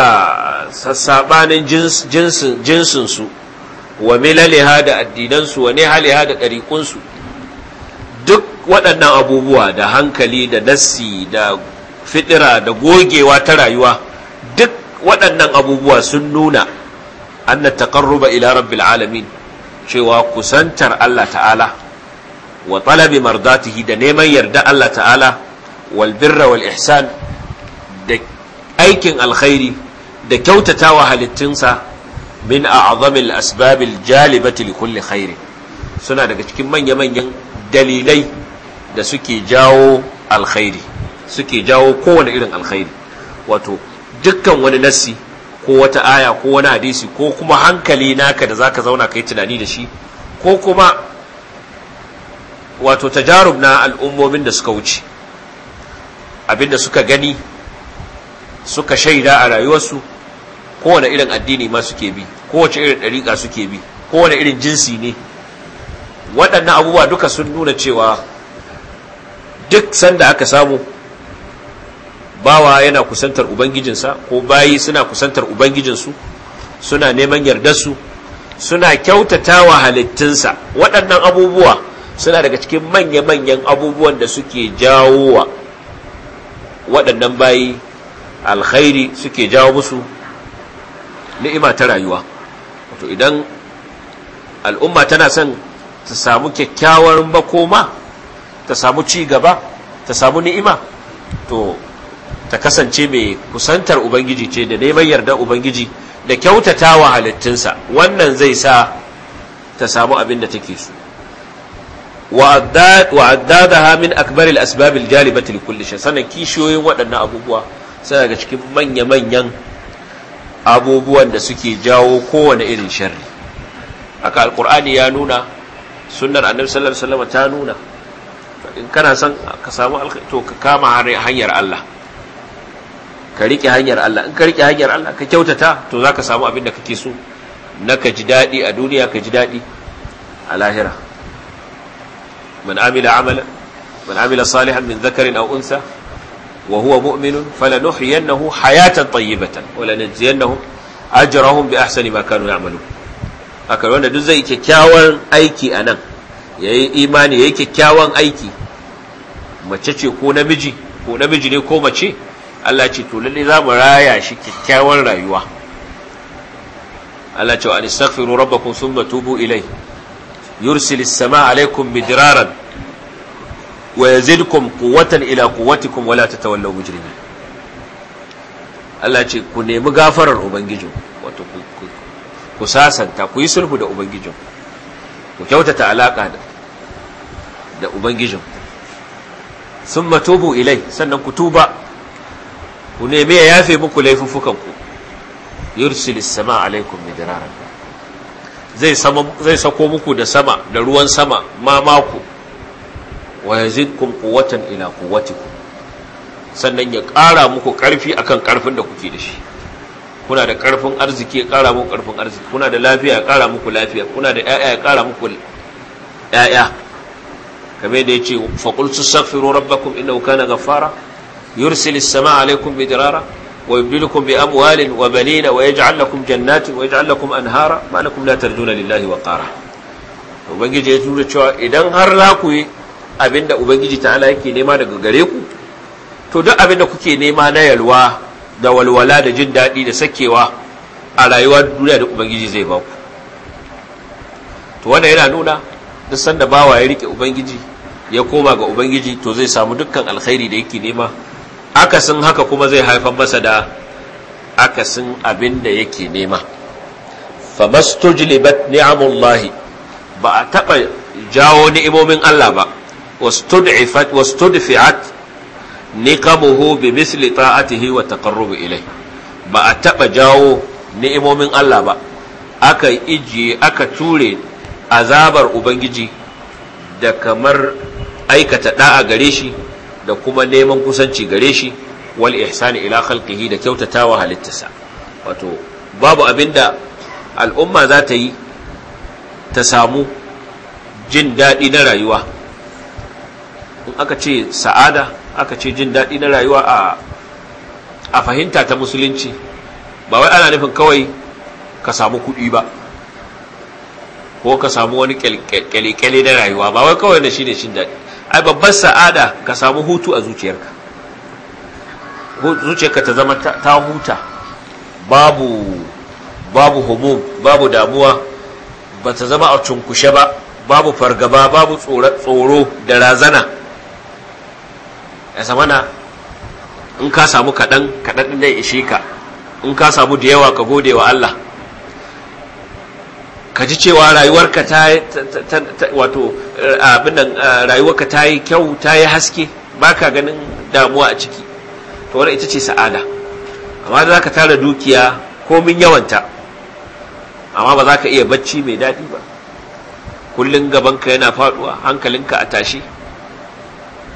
sassabanin jinsinsu, jinsin wa milaliha da addinansu, su wa nihaliha da dariqun waɗannan abubuwa da hankali da nassi da fitira da gogewa ta rayuwa duk waɗannan abubuwa sun nuna anna taqarruba ila rabbil alamin cewa kusantar Allah ta'ala wa talabi mardatihi da neman yarda Allah ta'ala wal birra wal ihsan da aikin alkhairi da kyautatawa halittunsa min a'zamil asbabil jalibati li kulli khairin suna daga cikin manya-manyan dalilai da suke jawo alkhairi suke jawo kowane irin alkhairi wato dukkan wani nassi ko wata aya ko wani hadisi ko kuma hankali naka da zaka zauna kai tunani da shi ko kuma wato tajarub na al'ummomin da suka wuce Abin da suka gani suka shaida a rayuwarsu kowane irin addini ma suke bi kowace irin ɗariƙa suke bi kowane irin jinsi ne waɗannan abubuwa duka sun nuna cewa duk sanda aka samu bawa yana kusantar ubangijinsa ko bayi suna kusantar ubangijinsu suna neman yardarsu suna kyautatawa halittunsa waɗannan abubuwa suna daga cikin manya-manyan abubuwan da suke jawo wa waɗannan bayi alkhairi suke jawo musu ni'ima ta rayuwa wato idan al'umma tana son ta samu kyakkyawar makoma ta samu ci gaba ta samu ni'ima to ta kasance mai kusantar ubangiji ce da neman yarda ubangiji da kyautata wa halittunsa wannan zai sa ta samu abin da take so Wa'adda min akbaril asbabil jalibati li kulli shay sanan kishiyoyin waɗannan abubuwa sai daga cikin manya-manyan abubuwan da suke jawo kowane irin sharri haka alqur'ani ya nuna sunnar annabi sallallahu alaihi wasallam ta nuna in kana son ka samu to ka kama hanyar Allah ka rike hanyar Allah in ka rike hanyar Allah ka kyautata to zaka samu abin da kake so na ka ji daɗi a duniya ka ji daɗi a lahira man amila amala man amila salihan min dhakarin aw unsa wa huwa mu'minun falanuhyiyannahu hayatan tayyibatan wa lanajziyannahum ajrahum bi ahsani ma kanu ya'malun haka wanda duk zai kyakkyawan aiki anan yayi imani yayi kyakkyawan aiki mace ce ko namiji ko namiji ne ko mace Allah ce to lalle za mu raya shi kyakkyawan rayuwa Allah ce wa anistaghfiru rabbakum thumma tubu ilai yursil as-samaa alaykum midraran wa yazidkum quwwatan ila quwwatikum wa la tatawallaw mujrimin Allah ce ku nemi gafarar ubangijin wato ku sasanta ku yi sulhu da ubangijin ku kyautata alaka da ubangijin Sun matubu ilai sannan ku tuba ku nemi ya yafe muku laifuffukan ku yursil sama alaikum midraran zai sama zai sako muku da sama da ruwan sama ma maku wa yazidkum quwwatan ila quwwatikum sannan ya ƙara muku ƙarfi akan ƙarfin da kuke da shi kuna da ƙarfin arziki ya ƙara muku ƙarfin arziki kuna da lafiya ya ƙara muku lafiya kuna da ƴaƴa ya ƙara muku ƴaƴa kamar da ya ce qul tastaghfiru rabbakum innahu kana ghaffara yursilis samaa alaykum bidirara wa yubdilukum bi amwalin wa banina wa yaj'al jannatin wa yaj'al anhara ma lakum la tarjuna lillahi wa qara ubangiji ya tura cewa idan har za ku yi abinda ubangiji ta'ala yake nema daga gare ku to duk abinda kuke nema na yalwa da walwala da jin daɗi da sakewa a rayuwar duniya da ubangiji zai ba ku to wannan yana nuna duk sanda bawa ya rike ubangiji ya koma ga ubangiji to zai samu dukkan alkhairi da yake nema akasin haka kuma zai haifar masa da akasin abin da yake nema famastujlibat ni'amullahi ba a taba jawo ni'imomin Allah ba wastud'ifat wastudfi'at niqamuhu bi misli ta'atihi wa taqarrub ilai ba a taba jawo ni'imomin Allah ba aka ijiye aka ture azabar ubangiji da kamar aikata da'a gare shi da kuma neman kusanci gare shi wal ihsani ila khalqihi da kyautatawa halittarsa wato babu abinda al'umma za ta yi ta samu jin daɗi na rayuwa in aka ce sa'ada aka ce jin daɗi na rayuwa a a fahimta ta musulunci ba wai ana nufin kawai ka samu kuɗi ba ko ka samu wani kyalikyali na rayuwa ba wai kawai na shi ne shin daɗi ai babbar sa'ada ka samu hutu a zuciyarka zuciyarka ta zama ta huta babu babu humum babu damuwa ba ta zama a cunkushe ba babu fargaba babu tsoro da razana ya na in ka samu kaɗan kaɗan ɗin ishe ka in ka samu da yawa ka gode wa Allah ka ji cewa rayuwarka ta wato eh, abinan eh, rayuwarka ta yi kyau ta yi haske ba ka ganin damuwa a ciki to wadda ita ce sa'ada amma da za ka tara dukiya komin yawanta amma ba za ka iya bacci mai daɗi ba kullum gabanka yana faɗuwa hankalinka a tashi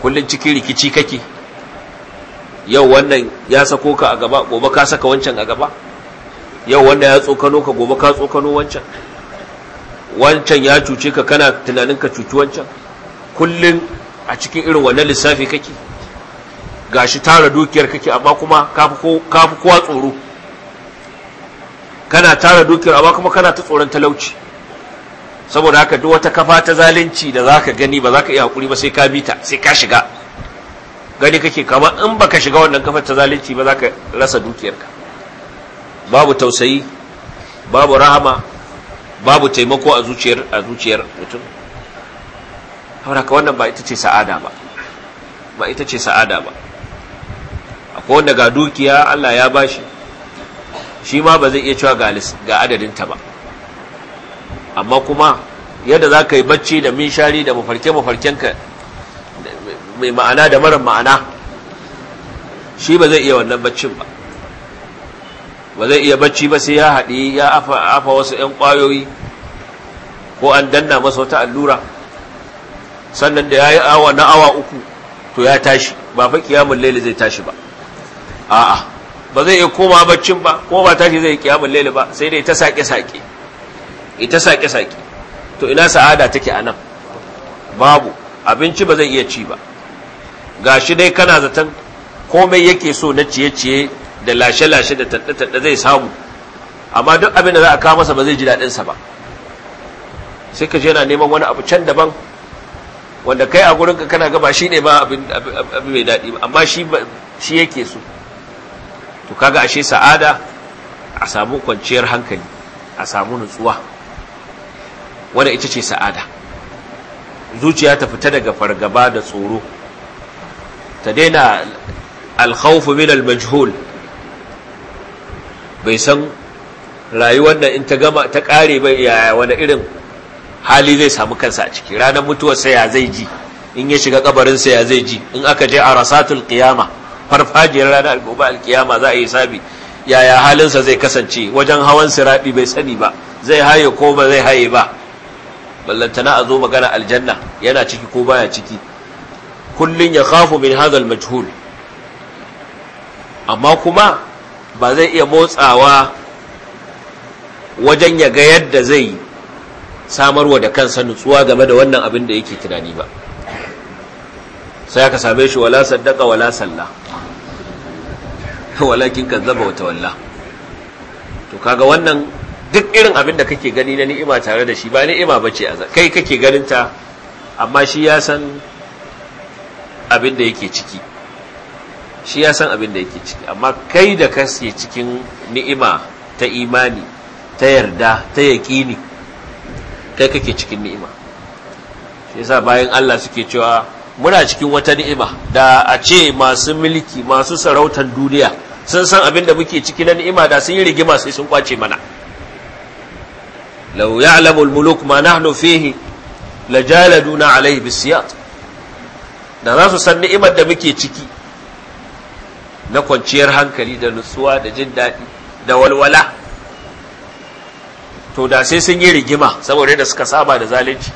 kullum cikin rikici kake yau wannan ya sako ka a gaba gobe ka saka wancan a gaba yau wannan ya tsokano ka gobe ka tsokano wancan wancan ya cuce ka kana tunanin ka cuci wancan kullum a cikin irin wannan lissafi kake gashi tara dukiyar kake amma kuma kafi kowa tsoro kana tara dukiyar amma kuma kana ta tsoron talauci saboda haka duk wata kafa ta zalunci da za ka gani ba za ka iya haƙuri ba sai ka ta sai ka shiga gani kake kama in baka shiga wannan kafar ta zalunci ba za ka rasa dukiyarka babu tausayi babu rahama babu taimako a zuciyar a zuciyar mutum haka wannan ba ita ce sa'ada ba ba ita ce sa'ada ba akwai wanda ga dukiya Allah ya bashi shi ma ba zai iya cewa ga adadin ta ba amma kuma yadda za ka yi bacci da minshari da mafarke-mafarkenka mai ma'ana da mara ma'ana shi ba zai iya wannan baccin ba ba zai iya bacci ba sai ya haɗi ya afa wasu 'yan ƙwayoyi ko an danna masa wata allura sannan da ya yi awa na awa uku to ya tashi ba fa kiyamun laili zai tashi ba a'a ba zai iya koma baccin ba ko ba tashi zai kiyamun laili ba sai dai ta saƙe-saƙe ita saƙe-saƙe to ina sa'ada take a nan babu abinci ba zai iya ci ba Ga shi dai kana zaton komai yake so na ciye-ciye da lashe-lashe da taɗe-taɗe zai samu amma duk abin da za a kawo masa ba zai ji daɗinsa ba sai ka yana neman wani abu can daban wanda kai a ka kana gaba shi ne ma abin mai daɗi amma shi yake so to kaga ashe sa'ada a samu kwanciyar hankali a samu nutsuwa wanda ita ce sa'ada zuciya ta fita daga fargaba da tsoro ta daina alkhawfu min al-majhul bai san rayuwar nan in ta gama ta kare bai yaya wani irin hali zai samu kansa a ciki ranar mutuwar sa ya zai ji in ya shiga kabarin sa ya zai ji in aka je a arasatul qiyama farfajiyar ranar gobe alkiyama za a yi sabi yaya halinsa zai kasance wajen hawan sirabi bai sani ba zai haye ko ba zai haye ba ballantana a zo magana aljanna yana ciki ko baya ciki kullun ya khafu min hadha al-majhul amma kuma ba zai iya motsawa wajen ya ga yadda zai samarwa da kansa nutsuwa game da wannan abin da yake tunani ba sai aka same shi wala saddaka wala salla walakin kazzaba wa tawalla to kaga wannan duk irin abin da kake gani na ni'ima tare da shi ba ni'ima bace a kai kake ganin ta amma shi ya san abin da yake ciki shi ya san abin da yake ciki amma kai da kaske cikin ni'ima ta imani ta yarda ta yaƙini kai kake cikin ni'ima shi yasa bayan Allah suke cewa muna cikin wata ni'ima da a ce masu miliki, masu sarautar duniya sun san abin da muke ciki na ni'ima da sun yi rigima sai sun kwace mana law ya'lamul muluk ma nahnu fihi lajaladuna alayhi bisiyat da za su san ni'imar da muke ciki na kwanciyar hankali da nutsuwa da jin daɗi da walwala to da sai sun yi rigima saboda yadda suka saba da zalunci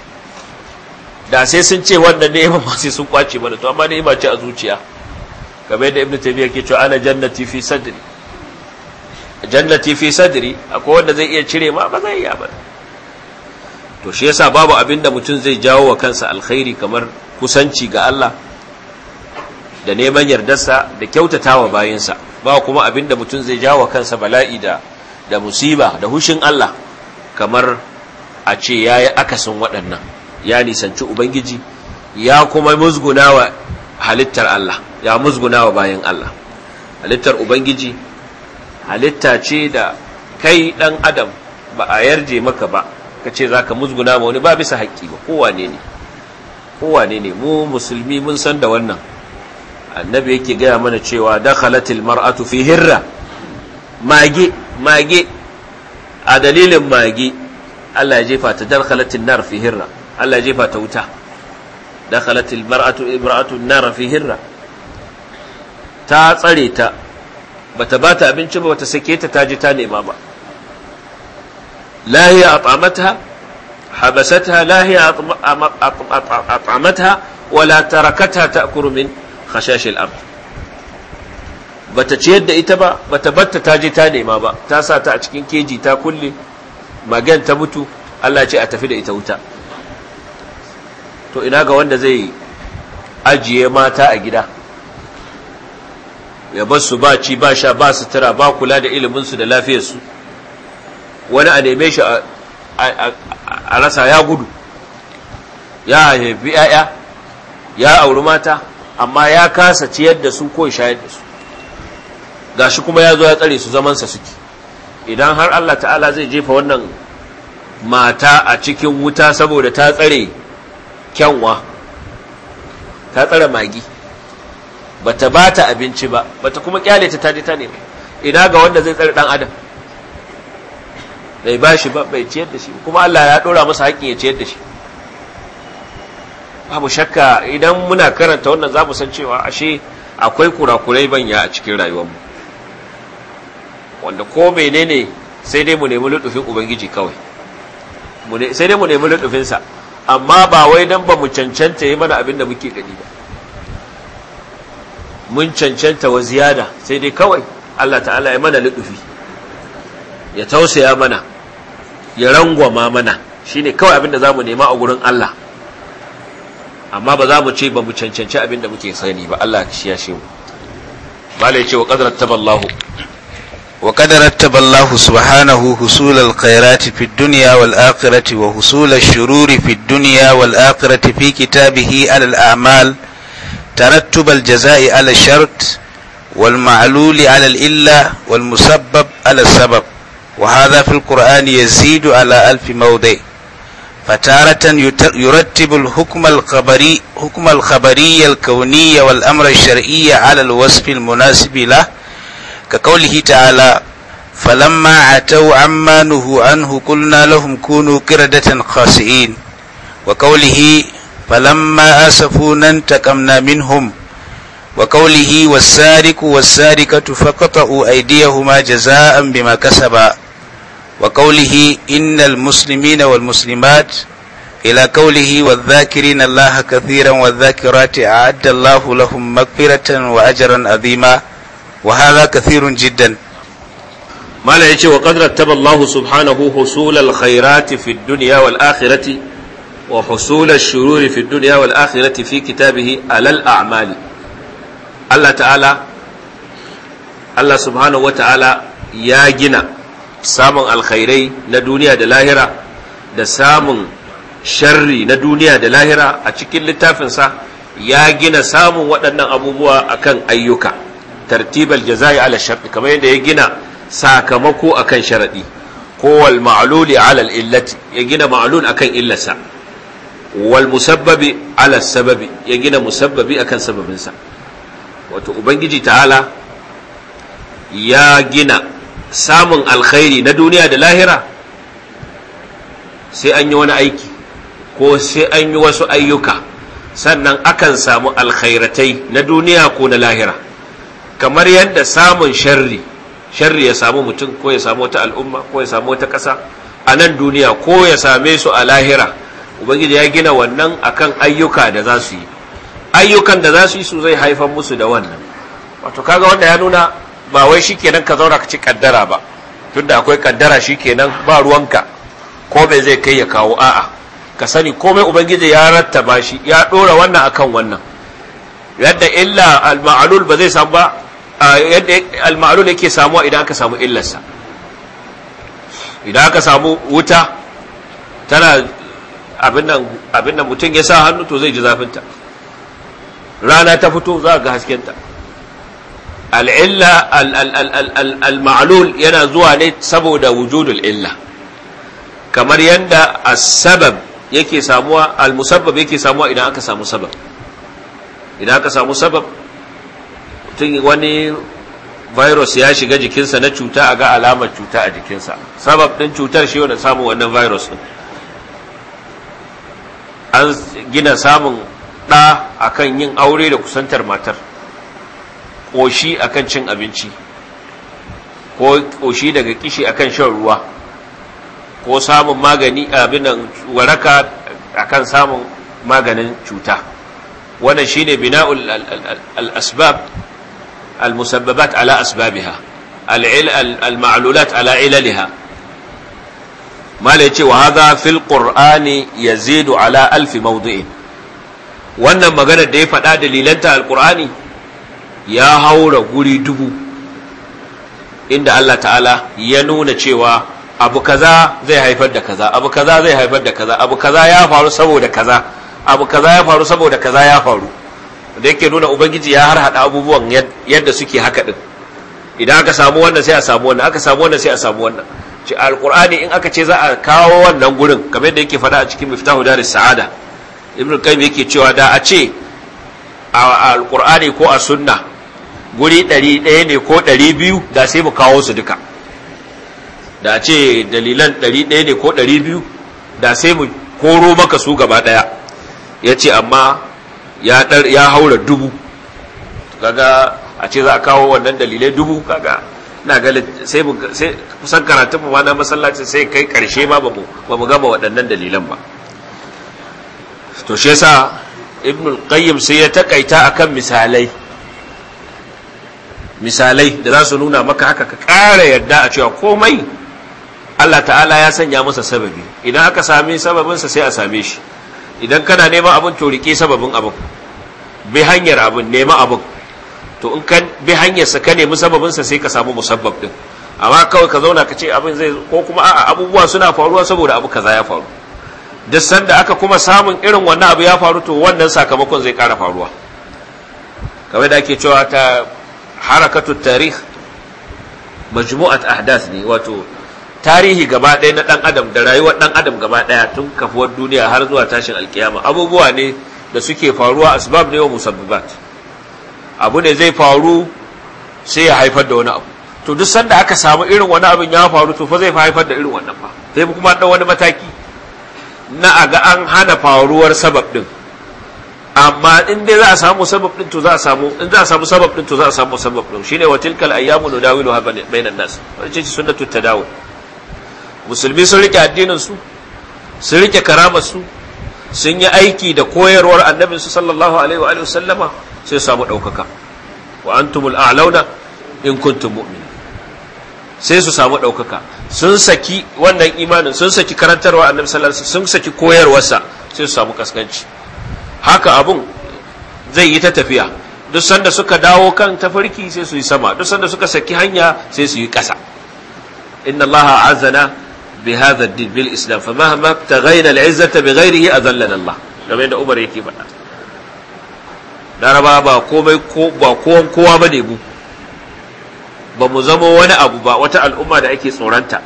da sai sun ce wannan ni'ima ma sai sun kwace mana to amma ni'ima ce a zuciya kamar yadda ibnu tabiya ke cewa ana jannati fi sadri jannati fi sadri akwai wanda zai iya cire ma ba zai iya ba to shi yasa babu abinda mutum zai jawo wa kansa alkhairi kamar kusanci ga Allah da neman yardarsa da kyautata wa bayinsa ba kuma abinda mutum zai jawo kansa bala'i da da musiba da hushin Allah kamar a ce yayi akasin waɗannan ya nisanci ubangiji ya kuma musgunawa halittar Allah ya musgunawa bayin Allah halittar ubangiji halitta ce da kai dan adam ba a yarje maka ba ka ce za ka musguna ma wani ba bisa haƙƙi ba kowa ne ne ne mu musulmi mun san da wannan annabi yake gaya mana cewa dakhalatil mar'atu fi hirra Magi magi a dalilin mage Allah ya jefa ta dakhalatil nar fi hirra Allah ya jefa ta wuta dakhalatil mar'atu imra'atu nar fi hirra ta tsare ta bata bata abinci ba bata sake ta taji ta nema ba la hiya at'amatha habasatha la hiya at'amatha wala tarakatha ta'kuru min khashashil ard bata ciyar da ita ba bata batta ta je ta nema ba ta sa ta a cikin keji ta kulle magan ta mutu Allah ce a tafi da ita wuta to ina ga wanda zai ajiye mata a gida ya bar su ba ci ba sha ba sutura ba kula da iliminsu da lafiyarsu wani a neme shi a rasa ya gudu ya haifi 'ya'ya ya auri mata amma ya kasa ciyar da su ko shayar da su gashi kuma ya zo ya tsare su zamansa suke idan har Allah ta'ala zai jefa wannan mata a cikin wuta saboda ta tsare kyanwa ta tsare magi bata bata abinci ba bata kuma kyale ta taje ta ne ina ga wanda zai tsare dan adam bai bashi ba bai ciyar da shi kuma Allah ya dora masa haƙƙin ya ciyar da shi Abu shakka idan muna karanta wannan za mu san cewa ashe akwai kurakurai banya a cikin rayuwarmu wanda ko menene sai dai mu nemi lutufin ubangiji kawai sai dai mu nemi ludufinsa amma ba wai dan ba mu cancanta yi mana abin da muke gani ba mun cancanta wa ziyada sai dai kawai Allah ta'ala ya mana lutufi ya tausaya mana ya rangwama mana shine kawai abin da za mu nema a gurin Allah amma ba za mu ce ba mu cancanci abin da muke sani ba Allah shi ya shi mu malai ce wa qadara taballahu wa qadara taballahu subhanahu husul alkhairati fid dunya wal akhirati wa husul ash-shururi fid dunya wal akhirati fi kitabihi al a'mal ترتب الجزاء على الشرط والمعلول على الإلا والمسبب على السبب وهذا في القرآن يزيد على ألف موضع فتارة يرتب الحكم الخبري حكم الخبري الكوني والأمر الشرعي على الوصف المناسب له كقوله تعالى فلما عتوا عما نهوا عنه قلنا لهم كونوا كردة خاسئين وقوله فلما أسفونا انتقمنا منهم وقوله والسارق والسارقة فقطعوا أيديهما جزاء بما كسبا وقوله إن المسلمين والمسلمات إلى قوله والذاكرين الله كثيرا والذاكرات أعد الله لهم مغفرة وأجرا عظيما وهذا كثير جدا ما لا يجي وقد رتب الله سبحانه حصول الخيرات في الدنيا والآخرة وحصول الشرور في الدنيا والآخرة في كتابه على الأعمال الله تعالى الله سبحانه وتعالى يا جنّا samun alkhairai na duniya da lahira da samun sharri na duniya da lahira a cikin littafinsa ya gina samun waɗannan abubuwa akan ayyuka tartibal jazai ala sharri kamar yadda ya gina sakamako akan sharadi kowal ma'luli ala illati ya gina ma'lul akan illarsa wal musabbabi ala sababi ya gina musabbabi akan sababinsa wato ubangiji ta'ala ya gina samun alkhairi na duniya da lahira sai an yi wani aiki ko sai an yi wasu ayyuka sannan akan samu alkhairatai na duniya ko na lahira kamar yadda samun sharri sharri ya samu mutum ko ya samu wata al'umma ko ya samu wata ƙasa a nan duniya ko ya same su a lahira ubangiji ya gina wannan akan ayyuka da za su yi ayyukan da za su yi su zai haifar musu da wannan wato kaga wanda ya nuna ba wai shi kenan ka zauna ka ci kaddara ba tunda akwai kaddara kenan ba ruwanka ko bai zai kai ya kawo a'a ka sani komai ubangiji ya rattaba shi ya dora wannan akan wannan yadda illa al-ma'lul ba zai samu ba yadda al-ma'lul yake samuwa idan aka samu illarsa idan aka samu wuta tana abin nan mutum ya sa hannu to zai ji zafinta rana ta fito za ga haskenta al'illa al-ma'lul yana zuwa ne saboda wujudul illa kamar yadda as-sabab yake samuwa al-musabbab yake samuwa idan aka samu sabab idan aka samu sabab tun wani virus ya shiga jikinsa na cuta a ga alamar cuta a jikinsa sabab din cutar shi wanda samun wannan virus an gina samun ɗa akan yin aure da kusantar matar ƙoshi akan cin abinci ko ƙoshi daga kishi akan shan ruwa ko samun magani abin waraka akan samun maganin cuta wannan shine bina'ul al-asbab al-musabbabat ala asbabiha al-ma'lulat ala ilaliha mala yace wa hadha fil qur'ani yazidu ala alf maudu'in? wannan magana da ya faɗa dalilanta al-qur'ani ya haura guri dubu inda Allah ta'ala ya nuna cewa abu kaza zai haifar da kaza abu kaza zai haifar da kaza abu kaza ya faru saboda kaza abu kaza ya faru saboda kaza ya faru da yake nuna ubangiji ya har hada abubuwan yadda suke haka din idan aka samu wannan sai a samu wannan aka samu wannan sai a samu wannan ce alqur'ani in aka ce za a kawo wannan gurin kamar yadda yake faɗa a cikin miftahu daris sa'ada ibnu qayyim yake cewa da a ce a alqur'ani ko a sunna guri ɗari ɗaya ne ko ɗari biyu da sai mu kawo su duka da ce dalilan ɗari ɗaya ne ko ɗari biyu da sai mu koro maka su gaba ɗaya ya ce amma ya haura dubu kaga a ce za a kawo wannan dalilai dubu kaga na gali sai kusan karatun mu na masallaci sai kai karshe ma ba mu gama waɗannan dalilan ba to shi yasa ibnul qayyim sai ya takaita akan misalai misalai da za su nuna maka haka ka ƙara yadda a cewa komai Allah ta'ala ya sanya masa sababi idan aka sami sababinsa sai a same shi idan kana neman abin to riƙe sababin abin bi hanyar abin nema abin to in kan bi hanyarsa ka nemi sababinsa sai ka samu musabbab din amma kawai ka zauna ka ce abin zai ko kuma a'a abubuwa suna faruwa saboda abu kaza ya faru duk sanda aka kuma samun irin wannan abu ya faru to wannan sakamakon zai ƙara faruwa kamar da ake cewa ta harakatu tarih majmu'at ahdas ne wato tarihi gaba ɗaya na ɗan adam da rayuwar ɗan adam gaba ɗaya tun kafuwar duniya har zuwa tashin alkiyama abubuwa ne da suke faruwa asbab ne wa musabbabat abu ne zai faru sai ya haifar da wani abu to duk sanda aka samu irin wani abin ya faru to fa zai haifar da irin wannan fa sai kuma ɗan wani mataki na a ga an hana faruwar sabab ɗin amma in dai za a samu sabab din to za a samu in za a samu sabab din to za a samu sabab din shine wa tilkal ayyamu nudawilu ha bainan nas wannan ce sunnatu tadawul musulmi sun rike addinin su sun rike karamar su sun yi aiki da koyarwar annabin su sallallahu alaihi wa alihi sallama sai samu daukaka wa antumul a'launa in kuntum mu'minin sai su samu daukaka sun saki wannan imanin sun saki karantarwa annabi sallallahu alaihi sun saki koyarwarsa sai su samu kaskanci haka abun zai yi ta tafiya duk sanda suka dawo kan tafarki sai su yi sama duk sanda suka saki hanya sai su yi ƙasa inna allaha azana bi hadha ad-din bil islam fa mahma taghayna al-izzata bi ghayrihi azallana allah game umar yake faɗa laraba ba komai ko ba kowan kowa bane mu ba mu zama wani abu ba wata al'umma da ake tsoranta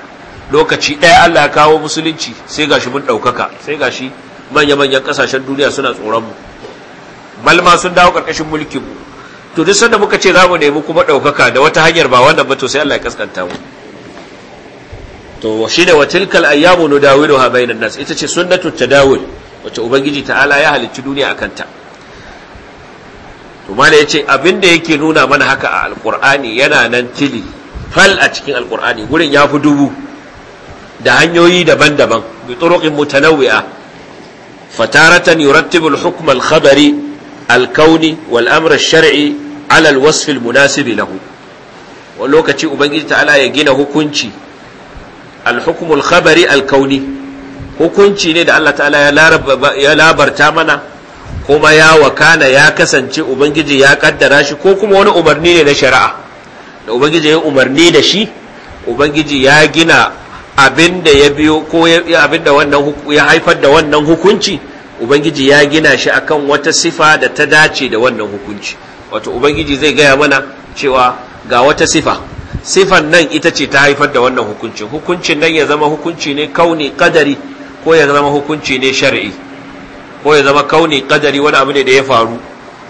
lokaci ɗaya Allah ya kawo musulunci sai gashi mun ɗaukaka sai gashi manya-manyan kasashen duniya suna tsoron mu balma sun dawo karkashin mulkin mu to duk sanda muka ce za mu nemi kuma ɗaukaka da wata hanyar ba wannan ba to sai Allah ya kaskanta mu to shi da watilkal ayyamu nudawiluha bainan nas ita ce sunnatut tadawul wacce ubangiji ta'ala ya halicci duniya akan ta to mala yace abinda yake nuna mana haka a alqur'ani yana nan tili fal a cikin alqur'ani gurin ya fi dubu da hanyoyi daban-daban bi turuqin mutanawwi'a fataratan yurattibu al-hukm al-khabari al-kauni wal amr al-shar'i ala al-wasf al ya gina hukunci al-hukm al hukunci ne da Allah ta'ala ya labarta mana kuma ya wakana ya kasance ubangiji ya kaddara shi ko kuma wani umarni ne na shari'a da ubangiji ya yi umarni da shi ubangiji ya gina abin da ya biyo ko abin da wannan ya haifar da wannan hukunci ubangiji ya gina shi akan wata sifa da ta dace da wannan hukunci wato ubangiji zai gaya mana cewa ga wata sifa sifan nan ita ce ta haifar da wannan hukuncin hukuncin nan ya zama hukunci ne kauni kadari ko ya zama hukunci ne shari'i ko ya zama kauni kadari wani abu ne da ya faru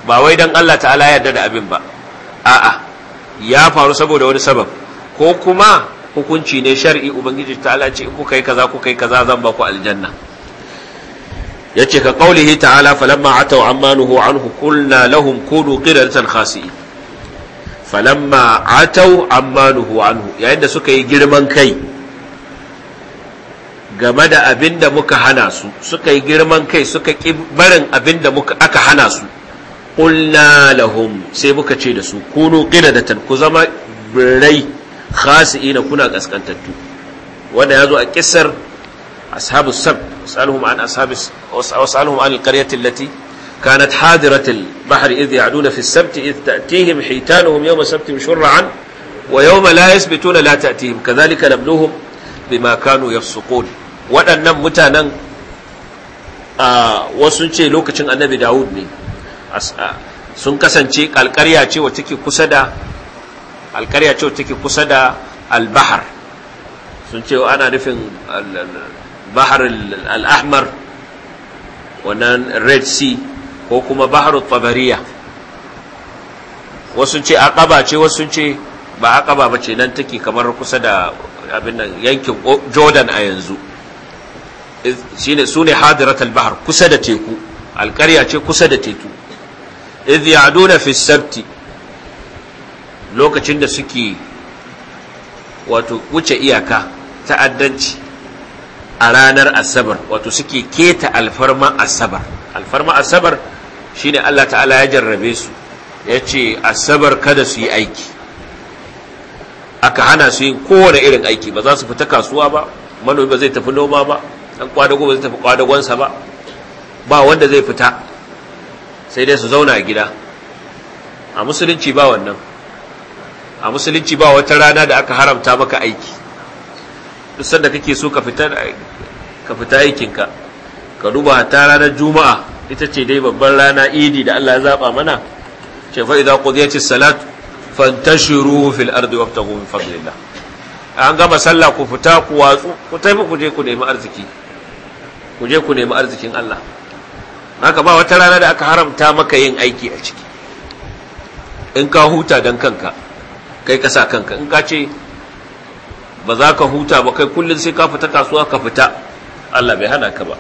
ba wai dan Allah ta'ala ya yarda da abin ba a'a ya faru saboda wani sabab ko kuma hukunci ne shar'i ubangiji ta'ala ce in kuka yi kaza kuka yi kaza zan ba ku aljanna yace ka qaulihi ta'ala falamma atau amma nuhu anhu qulna lahum kunu qiratan khasi'in falamma atau amma nuhu anhu yayin da suka yi girman kai game da abin da muka hana su suka yi girman kai suka ki barin abin da aka hana su qulna lahum sai muka ce da su kunu qiradatan ku zama birai khasi ina kuna kaskantattu wanda ya zo a kisar ashabu sab wasalhum an ashabis wasalhum an alqaryati allati kanat hadirat albahr idh ya'duna fi as-sabt idh ta'tihim hitanuhum yawm as-sabt shur'an wa yawm la yathbituna la ta'tihim kadhalika nabluhum bima kanu yafsuqun wadannan mutanan a wasu ce lokacin annabi Dawud ne sun kasance kalkariya ce wa take kusa da alkarya ce take kusa da albahar sun ce ana nufin bahar al'ahmar wannan red sea ko kuma bahar tabariya wasu ce aqaba ce wasu ce ba aqaba ba ce nan take kamar kusa da abin nan yankin jordan a yanzu Su ne hadirat bahar kusa da teku alkarya ce kusa da teku idh ya'duna fi sabti lokacin da suke wato wuce iyaka ta'addanci a ranar asabar wato suke keta alfarma asabar alfarma asabar shine Allah ta'ala ya jarrabe su ya ce asabar kada su yi aiki aka hana su yin kowane irin aiki ba za su fita kasuwa ba manomi ba zai tafi noma ba Ɗan kwadago ba zai tafi kwadagonsa ba ba wanda zai fita sai dai su zauna a gida a musulunci ba wannan a musulunci ba wata rana da aka haramta maka aiki duk sanda kake so ka fita ka fita aikinka ka duba ta ranar juma'a ita ce dai babban rana idi da Allah ya zaba mana ce fa idza qudiyatis salat fantashiru fil ardi wabtaghu min fadlillah an gama sallah ku fita ku watsu ku tafi ku je ku nemi arziki ku je ku nemi arzikin Allah haka ba wata rana da aka haramta maka yin aiki a ciki in ka huta dan kanka kai ka sa kanka in ka ce ba za ka huta ba kai kullum sai ka fita kasuwa ka fita Allah bai hana ka ba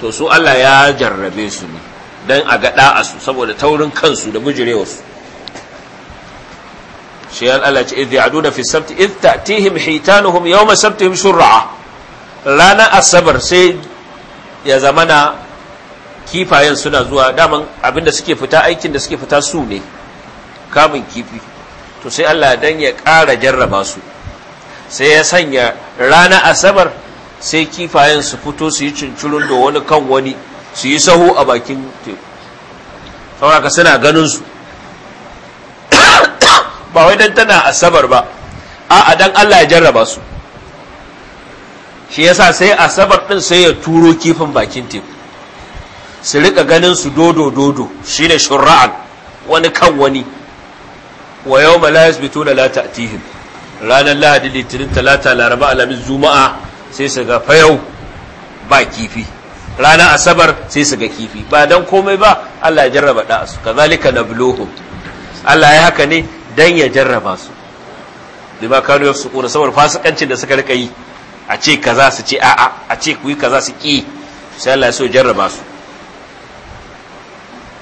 to su Allah ya jarrabe su ne dan a ga su saboda taurin kansu da bujirewa su shi Allah ce idh ya'duna fi sabt idh ta'tihim hitanuhum yawma sabtihim shur'a rana asabar sai ya zamana kifayen suna zuwa daman abinda suke fita aikin da suke fita su ne kamun kifi to sai Allah dan ya ƙara jarraba su sai ya sanya rana asabar sai kifayen su fito su yi cincirin da wani kan wani su yi sahu a bakin teku sauraka suna ganin ba wai dan tana asabar ba a'a dan Allah ya jarraba su shi yasa sai asabar din sai ya turo kifin bakin teku su rika ganin su dodo dodo shine shura'an wani kan wani wa yau ma la la ta'tihim ranar lahadi litinin talata laraba alamin juma'a sai su ga fayau ba kifi ranar asabar sai su ga kifi ba dan komai ba Allah ya jarraba da su kazalika nabluhum Allah ya haka ne dan ya jarraba su bima su kuna saboda fasikancin da suka rika yi a ce kaza su ce a'a a ce ku yi kaza su ki sai Allah ya so jarraba su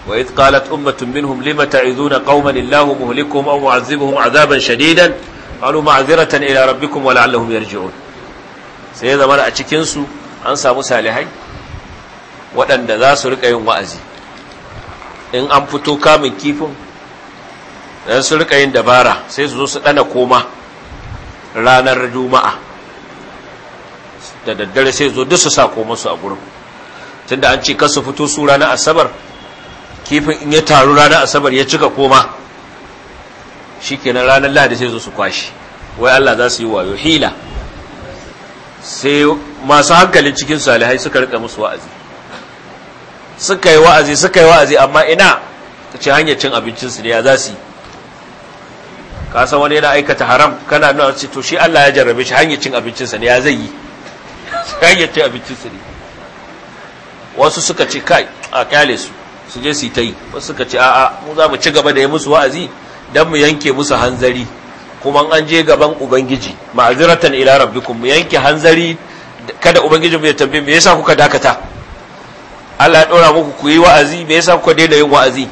وإذ قالت أمة منهم لم تعذون قوما الله مهلكهم أو معذبهم عذابا شديدا قالوا معذرة إلى ربكم ولعلهم يرجعون سيدا مانا أتشكنسو أنسى مسالحي وأن ذا سرق يوم وأزي إن أنفتو كامن كيفهم dan su rika yin dabara sai su zo su dana koma ranar juma'a da daddare sai zo duk su sa komansu a gurin tunda an ce kar su fito su ranar asabar kifin in ya taru ranar asabar ya cika koma shi kenan ranar lahadi sai zo su kwashi wai Allah za su yi wayo hila sai masu hankalin cikin salihai suka rika musu wa'azi suka yi wa'azi suka yi wa'azi amma ina ta ce hanyar cin abincinsu ne ya za su yi kasan wani yana aikata haram kana nuna ce to shi Allah ya jarrabe shi hanyar cin abincinsa ne ya zai yi hanyar cin abincinsa ne wasu suka ce kai a kyale su su je su ta yi wasu suka ce a'a mu za mu ci gaba da yi musu wa'azi don mu yanke musu hanzari kuma an je gaban ubangiji ma'aziratan ila rabbikum mu yanke hanzari kada ubangiji mu ya tambaye me yasa kuka dakata Allah ya dora muku ku yi wa'azi me yasa kuka daina yin wa'azi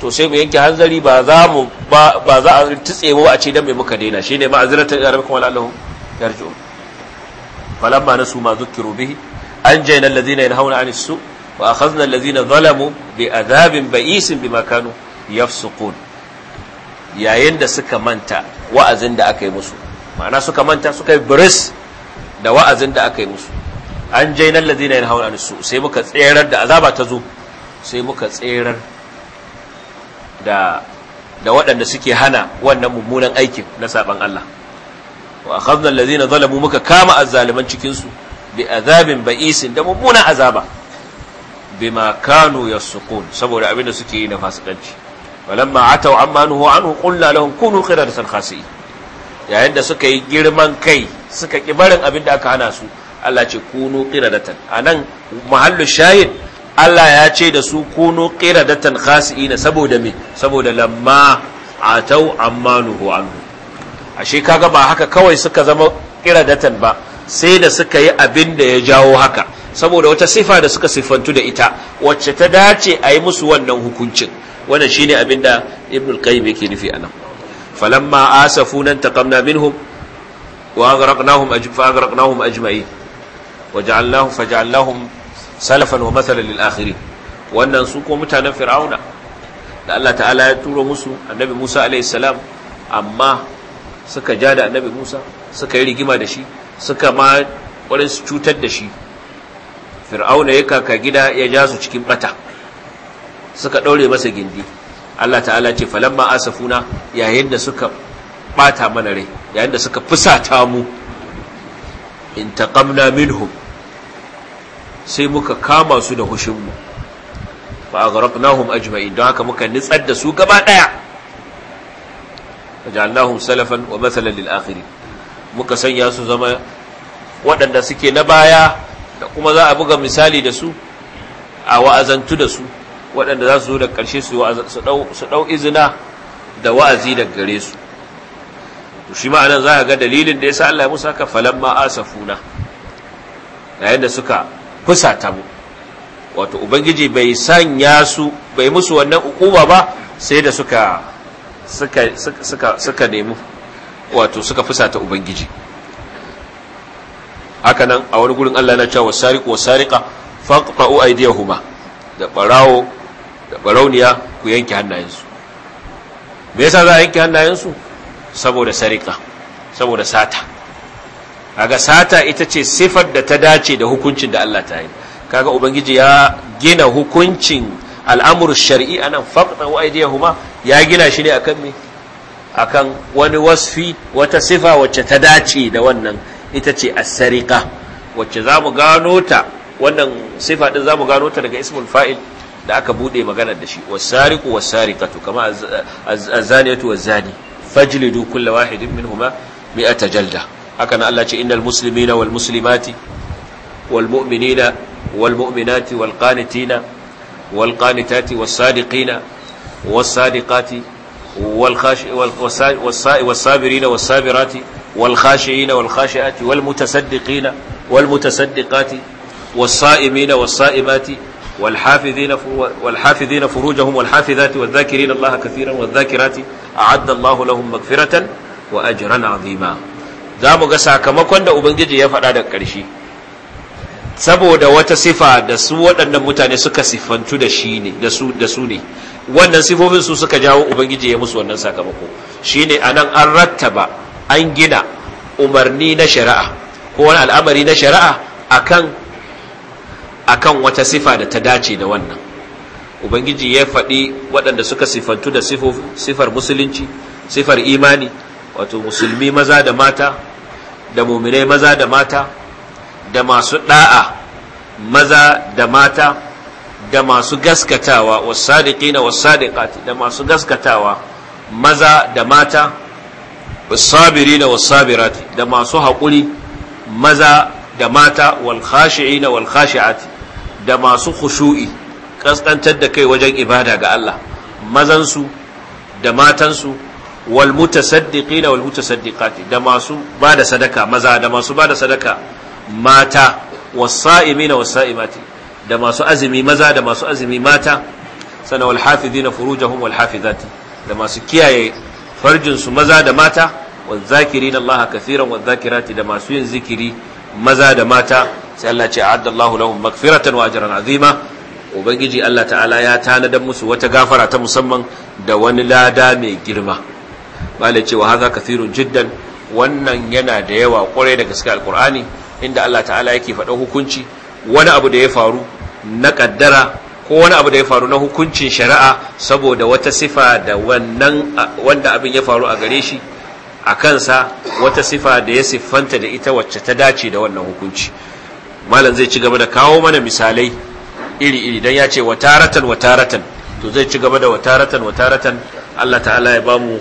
to sai mu yanke hanzari ba za mu ba za a tutse mu a ce dan me muka daina shine ma'aziratan ila rabbikum wallahu Allah yarju falamma nasu ma zukkiru bihi anjayna alladhina yanhauna 'anil su' wa akhadna allazina bi azabin ba'isin bima kanu yafsukun yayin da suka manta wa'azin da aka yi musu ma'ana suka manta suka yi biris da wa'azin da aka yi musu an jai nan lazina yin hawan su sai muka tserar da azaba ta zo sai muka tserar da waɗanda suke hana wannan mummunan aikin na saban Allah wa muka kama azzaliman cikin su bi azabin ba'isin da mummunan azaba bima kanu yasqun saboda abin da suke yi na fasikanci walamma atau amma nuhu anhu qulna lahum kunu qiradatan khasi yayin da suka yi girman kai suka ki barin abin da aka hana su Allah ce kunu qiradatan anan mahallu shahid Allah ya ce da su kunu qiradatan khasiina saboda me saboda lamma atau amma nuhu anhu ashe kaga ba haka kawai suka zama qiradatan ba sai da suka yi abinda ya jawo haka saboda wata sifa da suka sifantu da ita wacce ta dace a yi musu wannan hukuncin wannan shine abin da ibn al-qayyim yake nufi anan falamma asafuna taqamna minhum wa aghraqnahum ajfa aghraqnahum ajma'in waja'alnahum faja'alnahum salafan wa mathalan lil akhirin wannan su ko mutanen fir'auna da Allah ta'ala ya turo musu annabi Musa alaihi salam amma suka ja da annabi Musa suka yi rigima da shi suka ma ƙwarin su cutar da shi fir'auna ya kaka gida ya ja su cikin bata suka ɗaure masa gindi Allah ta'ala ce falamma asafuna yayin da suka bata mana rai yayin da suka fusata mu intaqamna minhum sai muka kama su da hushinmu fa aghraqnahum ajma'in don haka muka nitsar da su gaba daya wa سلفا ومثلا للآخرين muka sanya su zama waɗanda suke na baya da kuma za a buga misali da su a wa'azantu da su waɗanda za su zo da ƙarshe su ɗau izina da wa'azi da gare su to shi ma'anan za a ga dalilin da ya sa Allah ya ka haka falamma asafuna na yadda suka fusata mu wato ubangiji bai sanya su bai musu wannan ukuba ba sai da suka suka nemi wato suka fusata ubangiji haka nan a wani gurin Allah yana cewa wasariqu wasariqa faqta'u aydiyahuma da barawo da barauniya ku yanke hannayensu me yasa za a yanke hannayensu saboda sariqa saboda sata kaga sata ita ce sifar da ta dace da hukuncin da Allah ta yi kaga ubangiji ya gina hukuncin al'amur shar'i anan faqta'u aydiyahuma ya gina shi ne akan me akan wani wasfi wata sifa wacce ta dace da wannan ita ce as wacce za mu gano ta wannan sifa din za mu gano ta daga ismul fa'il da aka buɗe maganar da shi wasariku sariqu kama azaniyatu zaniyatu waz-zani fajlidu kullu wahidin minhuma mi'ata jalda haka nan Allah ce innal muslimina wal muslimati wal mu'minina wal mu'minati wal qanitina wal qanitati was sadiqina was sadiqati wal khashi was sa'i was sabirina was sabirati والخاشعين والخاشعات والمتصدقين والمتصدقات والصائمين والصائمات والحافظين فروجهم والحافظات والذاكرين الله كثيرا والذاكرات أعد الله لهم مغفرة وأجرا عظيما za mu ga sakamakon da Ubangiji ya faɗa da ƙarshe saboda wata sifa da su waɗannan mutane suka siffantu da shi ne da su ne wannan sifofin su suka jawo Ubangiji ya musu wannan sakamako a nan an rattaba an gina umarni na shari'a ko wani al'amari na shari'a akan kan wata sifa da ta dace da wannan ubangiji ya faɗi waɗanda suka sifantu da sifar musulunci sifar imani wato musulmi maza da mata da muminai maza da mata da masu ɗa'a maza da mata da masu gaskatawa wasu sadiƙi na wasu sadiƙati da masu gaskatawa maza da mata wasabirina wasabirati da masu haƙuri maza da mata wal na wal khashi'ati da masu khushu'i kaskantar da kai wajen ibada ga Allah mazansu da matansu wal mutasaddiqina wal mutasaddiqati da masu bada sadaka maza da masu bada sadaka mata wasa'imina wasa'imati da masu azumi maza da masu azumi mata sana wal hafizina furujahum wal hafizati da masu kiyaye farjinsu maza da mata na Laha كثيرا zakirati da masu yin zikiri maza da mata sai Allah ce a'addallahu lahum maghfiratan wa ajran azima ubangiji Allah ta'ala ya tanadar musu wata gafara ta musamman da wani lada mai girma bale cewa haza kafirun jiddan wannan yana da yawa kwarai da gaske alqur'ani inda Allah ta'ala yake faɗa hukunci wani abu da ya faru na ƙaddara. ko wani abu da ya faru na hukuncin shari'a saboda wata sifa da wannan wanda abin ya faru a gare shi a kansa wata sifa da ya siffanta da ita wacce ta dace da wannan hukunci malam zai ci gaba da kawo mana misalai iri-iri don ya ce wataratan wataratan to zai ci gaba da wataratan wataratan Allah ta'ala ya bamu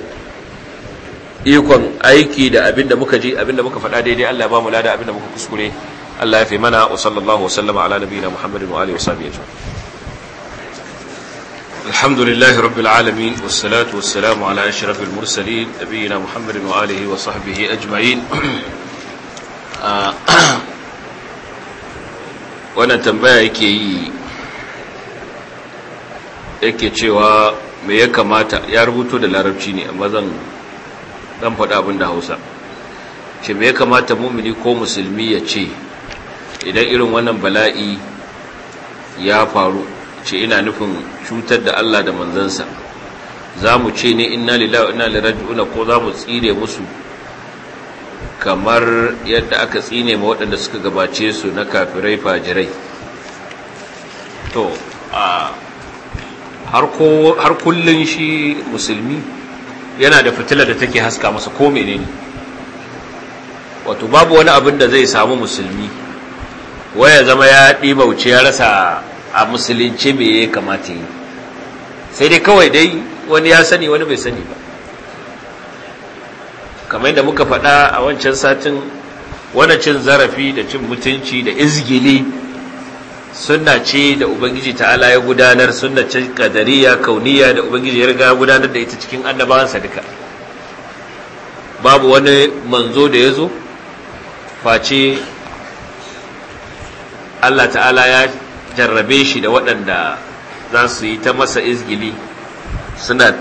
ikon aiki da abin da muka ji abin da muka faɗa daidai Allah ya bamu lada abin da muka kuskure Allah ya fi mana wa sallallahu wa sallama ala nabiyina Muhammadin wa alihi wa sahbihi الحمد لله رب العالمين والصلاة والسلام على أشرف المرسلين نبينا محمد وآله وصحبه أجمعين وانا تنبايا يكي yake cewa me ya kamata ya rubuto da larabci ne amma zan dan faɗa abin hausa ce me ya kamata mumini ko musulmi ya ce idan irin wannan bala'i ya faru ce ina nufin cutar da Allah da manzansa za mu ce ne inna lillahi wa inna ilaihi ko za mu tsire musu kamar yadda aka tsine ma waɗanda suka gabace su na kafirai fajirai to har kullun shi musulmi yana da fitilar da take haska masa ko menene wato babu wani abin da zai samu musulmi waya zama ya ɗi bauce ya rasa a musulunci me ya kamata yi sai dai kawai dai wani ya sani wani bai sani ba kamar da muka faɗa a wancan satin wani cin zarafi da cin mutunci da izgili suna ce da ubangiji ta'ala ya gudanar suna ce kadariya kauniya da ubangiji ya riga gudanar da ita cikin annabawansa duka babu wani manzo da ya zo face Allah ta'ala ya jarrabe shi da waɗanda za su yi ta masa izgili suna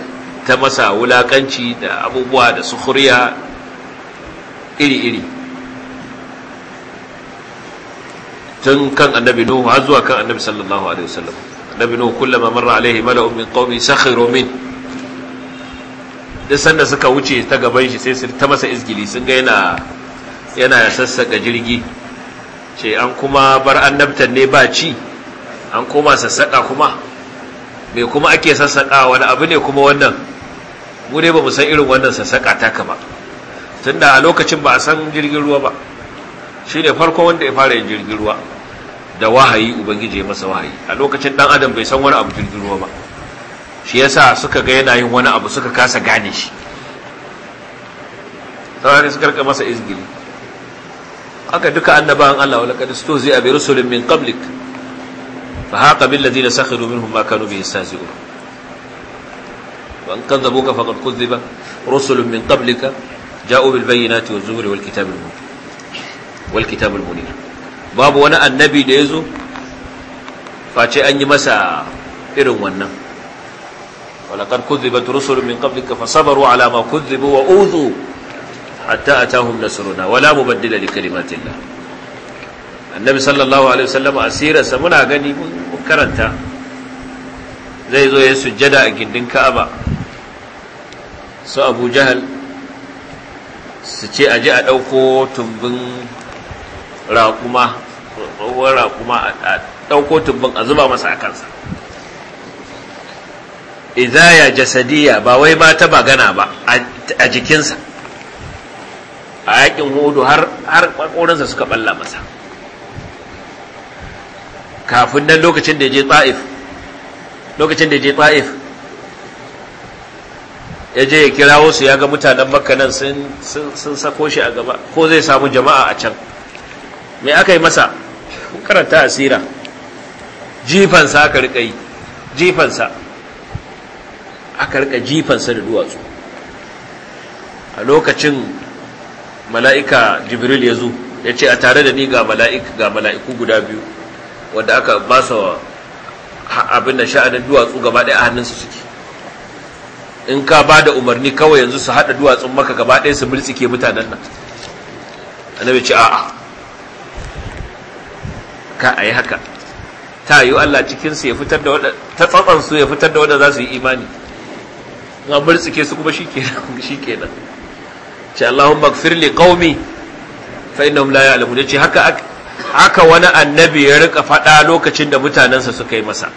ta masa wulakanci da abubuwa da sukuriya iri-iri tun kan annabi nuhu har zuwa kan annabi sallallahu alaihi wasallam annabi nuhu kullama marra alaihi mala'un min qaumi sakhiru min duk sanda suka wuce ta gaban shi sai su ta masa izgili sun ga yana yana sassaka jirgi ce an kuma bar annabtan ne ba ci an koma sassaƙa kuma mai kuma ake sassaƙa wani abu ne kuma wannan mu ne ba mu san irin wannan sassaƙa taka ba tun da a lokacin ba a san jirgin ruwa ba shi ne farko wanda ya fara yin jirgin ruwa da wahayi ubangiji ya masa wahayi a lokacin ɗan adam bai san wani abu jirgin ruwa ba shi ya sa suka ga yana yin wani abu suka kasa gane shi saurari suka rika masa izgili Aka duka annabawan Allah wala kad istuzi bi rusulin min qablik فحاق بالذين سخروا منهم ما كانوا به يستهزئون وان كذبوك فقد كذب رسل من قبلك جاءوا بالبينات والزبر والكتاب المنير والكتاب المنير باب وانا النبي ديزو yazo اني مسا yi masa wannan ولقد كذبت رسل من قبلك فصبروا على ما كذبوا وأوذوا حتى أتاهم نصرنا ولا مبدل لكلمات الله annabi sallallahu alaihi wasallam asirarsa muna gani mun karanta zai zo ya sujjada a gindin ka'aba su abu jahal su ce a ji a ɗauko tumbin raƙuma raƙuma a ɗauko tumbin a zuba masa a kansa Izaya jasadiya ba wai ba ta bagana ba a jikinsa a yakin hudu har ƙorinsa suka ɓalla masa kafin nan lokacin da ya je ta'if lokacin da ya je ta'if ya je ya kirawo su ya ga mutanen makka nan sun sako shi a gaba ko zai samu jama'a a can me aka yi masa karanta asira jifansa aka rika yi jifansa aka rika jifansa da duwatsu a lokacin mala'ika jibril ya zo ya ce a tare da ni ga mala'iku guda biyu wanda aka ba su abin da sha'anin duwatsu gaba ɗaya a hannunsu suke in ka ba da umarni kawai yanzu su haɗa duwatsun maka gaba ɗaya su ke mutanen nan annabi ci a'a ka a yi haka ta yi Allah cikinsu ya fitar da wadda ta tsatsansu ya fitar da wadda za su yi imani na murtsike su kuma shi kenan ce Allahun magfir li qaumi fa innahum alamu ne ce haka haka wani annabi ya rika faɗa lokacin da mutanensa suka yi masa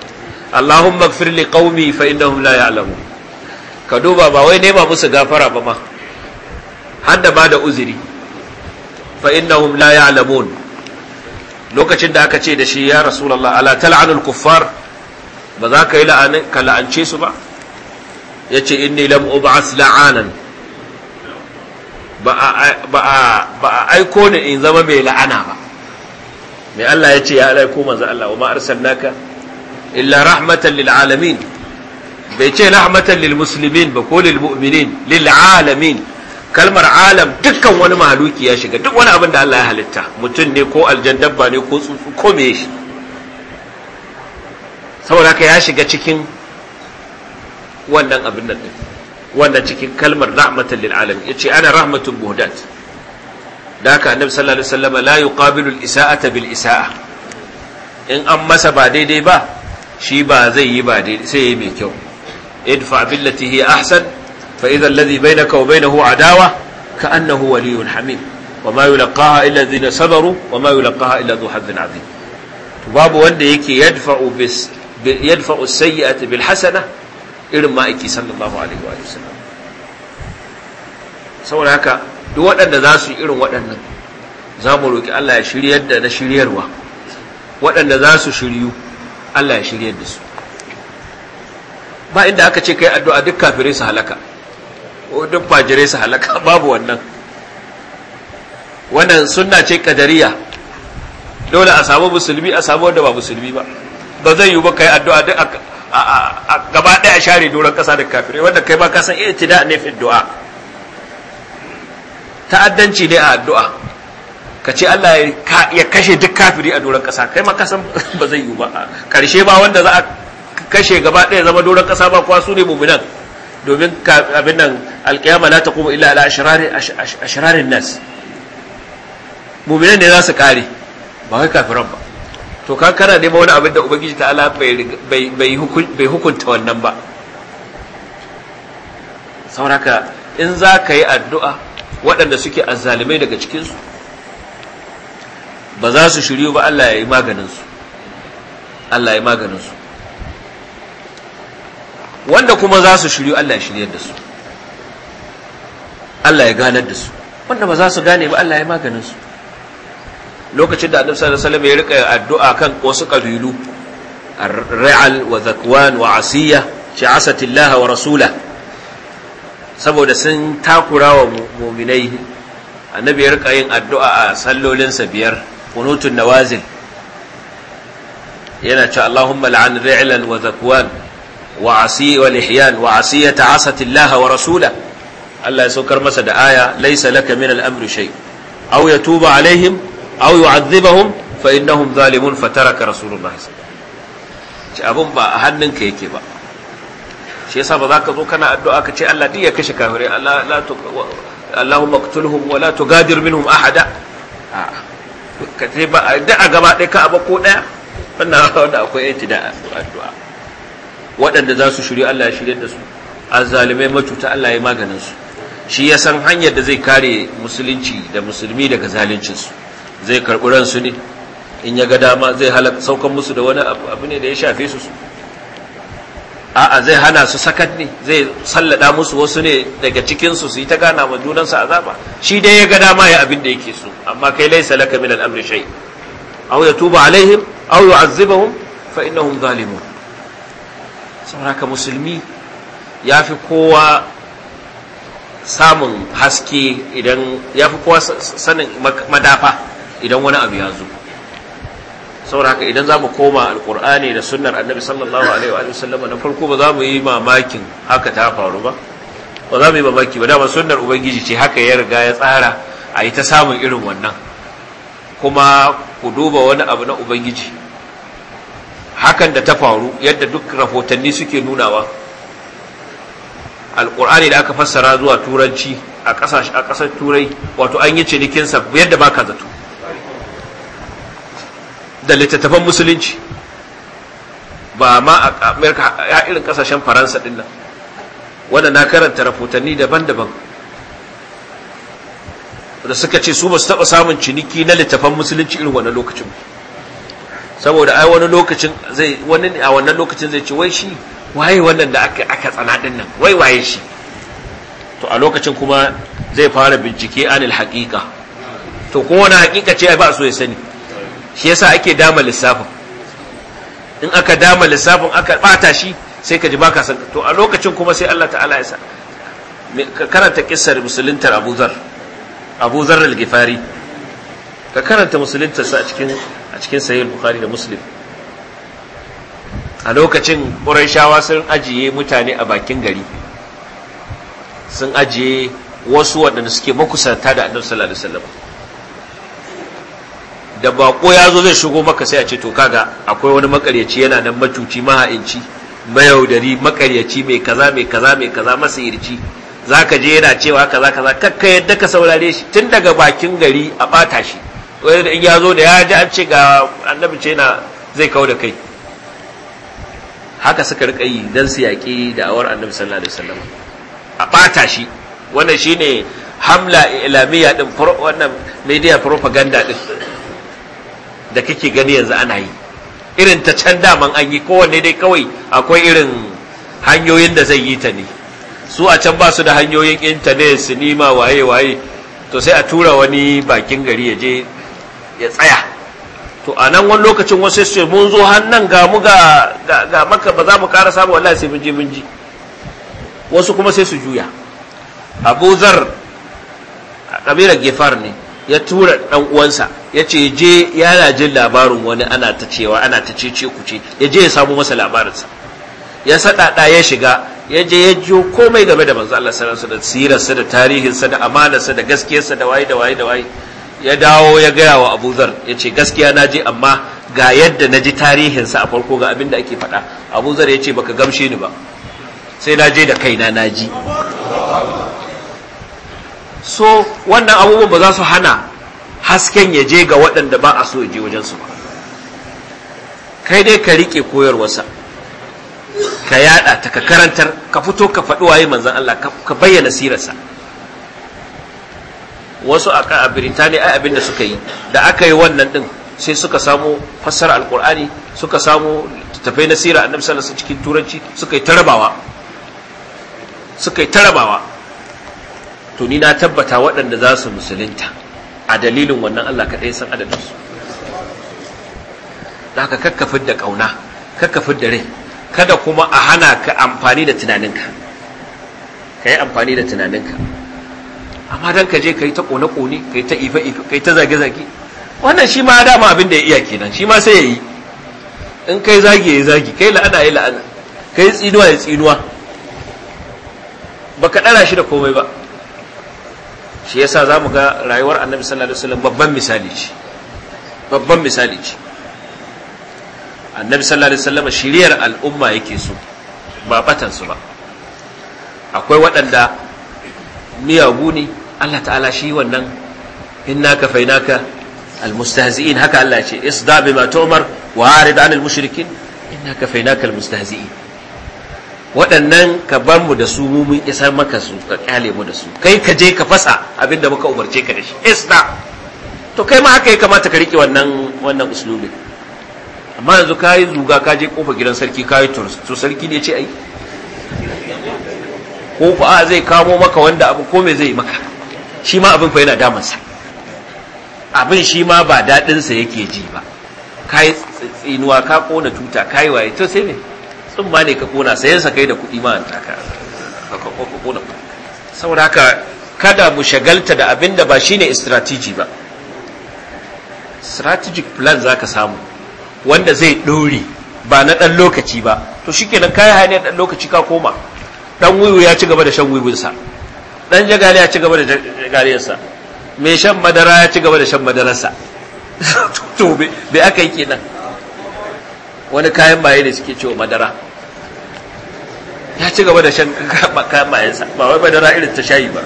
Allahumma gfir li qaumi fa innahum la ya'lamun ka duba ba wai nema musu gafara ba ma hadda ba da uzuri fa innahum la ya'lamun lokacin da aka ce da shi ya rasulullah ala tal'anul kuffar ba za ka yi la'ance su ba yace inni lam ub'as la'anan ba la'anan. ba a aiko ni in zama mai la'ana ba mai Allah ya ce ya alaiko manzan Allah wa ma arsalnaka illa rahmatan lil'alamin. bai ce rahmatan lilmusulmin ba ko lilmuminin lil'alamin kalmar alam dukkan wani mahaluki ya shiga duk wani abin da Allah ya halitta mutum ne ko aljan dabba ne ko tsuntsu ko me shi saboda ka ya shiga cikin wannan abin nan wannan cikin kalmar rahmatan lil'alamin ya ce ana rahmatun buhdat da haka annabi sallallahu alaihi wasallam la yuqabilu al-isa'ata bil isa'a in an masa ba daidai ba shi ba zai yi ba daidai sai yayi mai kyau idfa billati hi ahsan fa idha alladhi bainaka wa bainahu adawa ka annahu waliyyun hamim wa ma yulqaha illa alladhina sabaru wa ma yulqaha illa dhu hadhin azim babu wanda yake yadfa'u bis yadfa'u as-sayyi'ata bil hasana irin ma'aiki sallallahu alaihi wa sallam saboda haka duk waɗanda za su yi irin waɗannan za mu roƙi Allah ya shiryar da na shiryarwa waɗanda za su shiryu Allah ya shiryar da su ba inda aka ce kai addu'a duk kafirai su halaka ko duk fajirai su halaka babu wannan wannan sunna ce kadariya dole a samu musulmi a samu wanda ba musulmi ba ba zai yi ba kai addu'a duk gaba ɗaya share doron ƙasa da kafirai wanda kai ba ka san iya tida ne fi du'a ta'addanci ne a addu'a ka ce Allah ya kashe duk kafiri a doron ƙasa kai ma kasan ba zai yi ba karshe ba wanda za a kashe gaba ɗaya zama doron ƙasa ba kuwa su ne muminan domin abin nan alƙiyama la ta kuma illa ala ashirarin nas muminan ne za su kare ba kai kafiran ba to kan kana nema wani abin da ubangiji ta'ala bai hukunta wannan ba sauraka in za ka yi addu'a waɗanda suke azzalimai daga cikinsu ba za su shiryu ba Allah ya yi maganinsu Allah ya maganinsu wanda kuma za su shiryu Allah ya shiryar da su Allah ya ganar da su wanda ba za su gane ba Allah ya maganinsu lokacin da annabi sallallahu alaihi wasallam ya rika addu'a kan wasu kabilu ar-ra'al wa zakwan wa asiya ci asatillaha wa rasulahu saboda sun takura wa muminai annabi ya rika yin addu'a a sallolinsa biyar qunutun nawazil yana ce Allahumma la'an ri'lan wa zakwan wa asi wa lihyan wa asiyata asati Allah wa rasula Allah ya saukar masa da aya laisa laka min al-amri shay aw yatuba alaihim aw yu'adhibahum fa innahum zalimun fataraka rasulullahi sallallahu alaihi wasallam abun ba hannunka yake ba shi yasa ba za ka zo kana addu'a ka ce Allah duk ya kashe kafirai Allah la tu Allahumma qtulhum wa la tugadir minhum ahada ka ce ba da gaba ɗaya ka ba ko ɗaya wannan wanda akwai da addu'a waɗanda za su shirya Allah ya shirya da su azzalimai macuta Allah ya maganin su shi ya san hanyar da zai kare musulunci da musulmi daga zalincin su zai karɓi ransu ne in ya ga dama zai halaka saukan musu da wani abu ne da ya shafe su a'a zai hana su sakat ne zai sallada musu wasu ne daga cikin su yi ta gana ma junansu azaba shi dai ya ga dama ya abin da yake so amma kai laysa laka min al-amri shay aw yatubu alaihim aw yu'azzibuhum fa innahum zalimun saboda musulmi ya fi kowa samun haske idan ya fi kowa sanin madafa idan wani abu ya zo sauraka idan za mu koma alkur'ani da sunnar annabi sallallahu alaihi wa sallam na farko ba za mu yi mamakin haka ta faru ba ba za mu yi mamaki ba dama sunnar ubangiji ce haka ya riga ya tsara a yi ta samun irin wannan kuma ku duba wani abu na ubangiji hakan da ta faru yadda duk rahotanni suke nunawa alkur'ani da aka fassara zuwa turanci a ƙasar turai wato an yi cinikinsa yadda ba ka zato da littattafan musulunci ba ma a amerika ya irin kasashen faransa din nan wanda na karanta rahotanni daban-daban da suka ce su ba su taɓa samun ciniki na littattafan musulunci irin wannan lokacin saboda ai wani lokacin zai wani a wannan lokacin zai ce wai shi waye wannan da aka aka tsana din nan wai waye shi to a lokacin kuma zai fara bincike anil haqiqa to kuma wani haqiqa ce ai ba so ya sani shi yasa ake dama lissafin in aka dama lissafin aka bata shi sai ka ji baka san to a lokacin kuma sai Allah ta'ala ya sa ka karanta kissar musulintar Abu Zar Abu Zar al-Ghifari ka karanta musulintar sa a cikin a cikin sahih Bukhari da Muslim a lokacin Quraishawa sun ajiye mutane a bakin gari sun ajiye wasu waɗanda suke makusanta da Annabi sallallahu alaihi wasallam da bako ya zo zai shigo maka sai a ce to kaga akwai wani makaryaci yana nan matuci, maha'inci mayaudari makaryaci mai kaza mai kaza mai kaza masayirci zaka je yana cewa kaza kaza kakka yadda ka saurare shi tun daga bakin gari a bata shi wani da in ya zo da ya ji an ce ga annabi ce na zai kawo da kai haka suka rika yi dan su yaƙi da awar annabi sallallahu alaihi wasallam a bata shi wannan shine hamla ilamiya din wannan media propaganda din da kake gani yanzu ana yi irin ta can daman an yi kowanne dai kawai akwai irin hanyoyin da zai yi ta ne su a can ba su da hanyoyin intanet sinima waye waye to sai a tura wani bakin gari ya je ya tsaya to a nan wani lokacin wasu su mun zo hannun ga mu ga maka ba za mu kara samu wallahi sai mun je ji wasu kuma sai su juya abu zar a kabilar gefar ne ya tura dan uwansa ya ce je yana jin labarin wani ana ta cewa ana ta cece ku ce ya je ya samu masa labarinsa ya saɗaɗa ya shiga ya je ya jiyo komai game da manzo Allah sallallahu alaihi wasallam da sirarsa da tarihinsa da amanarsa da gaskiyarsa da waye da waye da waye ya dawo ya gaya wa Abu Zar ya ce gaskiya na je amma ga yadda na ji tarihinsa a farko ga abin da ake faɗa Abu Zar ya ce baka gamshe ni ba sai na je da kaina na ji so wannan abubuwan ba za su hana hasken ya je ga waɗanda ba a so ya je wajensu ba kai dai ka riƙe koyarwarsa ka yada ta ka karantar ka fito ka faɗi waye manzan Allah ka bayyana sirarsa wasu a a Birtaniya ai abin da suka yi da aka yi wannan ɗin sai suka samu fassara alkur'ani suka samu tafai na sirar annabi sallallahu alaihi cikin turanci suka yi tarabawa suka yi tarabawa to ni na tabbata waɗanda za su musulunta a dalilin wannan Allah kaɗai san adadinsu da haka kakkafin da ƙauna kakkafin da rai kada kuma a hana ka amfani da tunaninka ka yi amfani da tunaninka amma don ka je ka yi ta ƙone-ƙone ka yi ta ife-ife ka yi ta zage-zage wannan shi ma dama abin da ya iya kenan shi ma sai ya yi in kai zage ya zage kai la'ana ya la'ana kai tsinuwa ya tsinuwa ba ka ɗara shi da komai ba shi yasa za mu ga rayuwar annabi sallallahu alaihi babban misali ce babban misali ce annabi sallallahu alaihi shiriyar al'umma yake so ba batan su ba akwai waɗanda miyagu ne Allah ta'ala shi wannan innaka fainaka almustahzi'in haka Allah ce isda bima tu'mar wa arid 'anil mushrikin innaka fainaka almustahzi'in waɗannan ka bar mu da su mu mun isar maka su ka kyale mu da su kai ka je ka fasa abinda muka umarce ka da shi isna to kai ma haka ya kamata ka riƙe wannan wannan amma yanzu ka yi zuga ka je kofa gidan sarki ka yi to sarki ne ce ai ko ku a zai kamo maka wanda abu ko me zai maka shi ma abin fa yana damansa abin shi ma ba daɗinsa yake ji ba ka yi tsinuwa ka kona tuta ka yi waye to sai me sun ma ne ka kona sayan sa kai da kuɗi ma an taka saboda haka kada mu shagalta da abin da ba shine strategy ba strategic plan za ka samu wanda zai ɗori ba na ɗan lokaci ba to shi kenan kayan hanyar ɗan lokaci ka koma ɗan wiwu ya ci gaba da shan wiwunsa ɗan jagali ya ci gaba da jagaliyarsa mai shan madara ya ci gaba da shan madararsa to bai aka yi kenan wani kayan maye ne suke cewa madara ya ci gaba da shan kamayensa ba wai da ra'irin ta shayi ba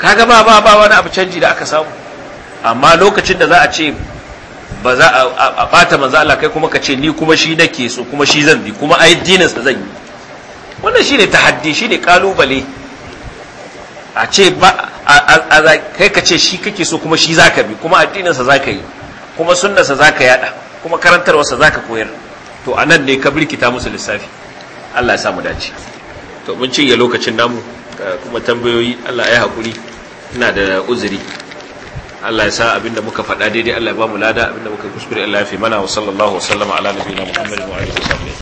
ka gaba ba ba wani abu canji da aka samu amma lokacin da za a ce ba za a bata manzo Allah kai kuma ka ce ni kuma shi nake so kuma shi zan bi kuma ai dinin sa zan yi wannan shine tahaddi shine kalubale a ce ba a za kai ka ce shi kake so kuma shi zaka bi kuma addinin sa zaka yi kuma sunnarsa zaka yada kuma karantarwar sa zaka koyar to a nan ne ka birkita musu lissafi Allah ya samu dace to mun cinye lokacin namu kuma tambayoyi Allah ya haƙuri ina da uzuri Allah ya sa abinda muka faɗa daidai Allah ya ba mu lada abinda muka kuskure Allah ya fi mana wa sallallahu wa sallama ala nabiyina Muhammadin wa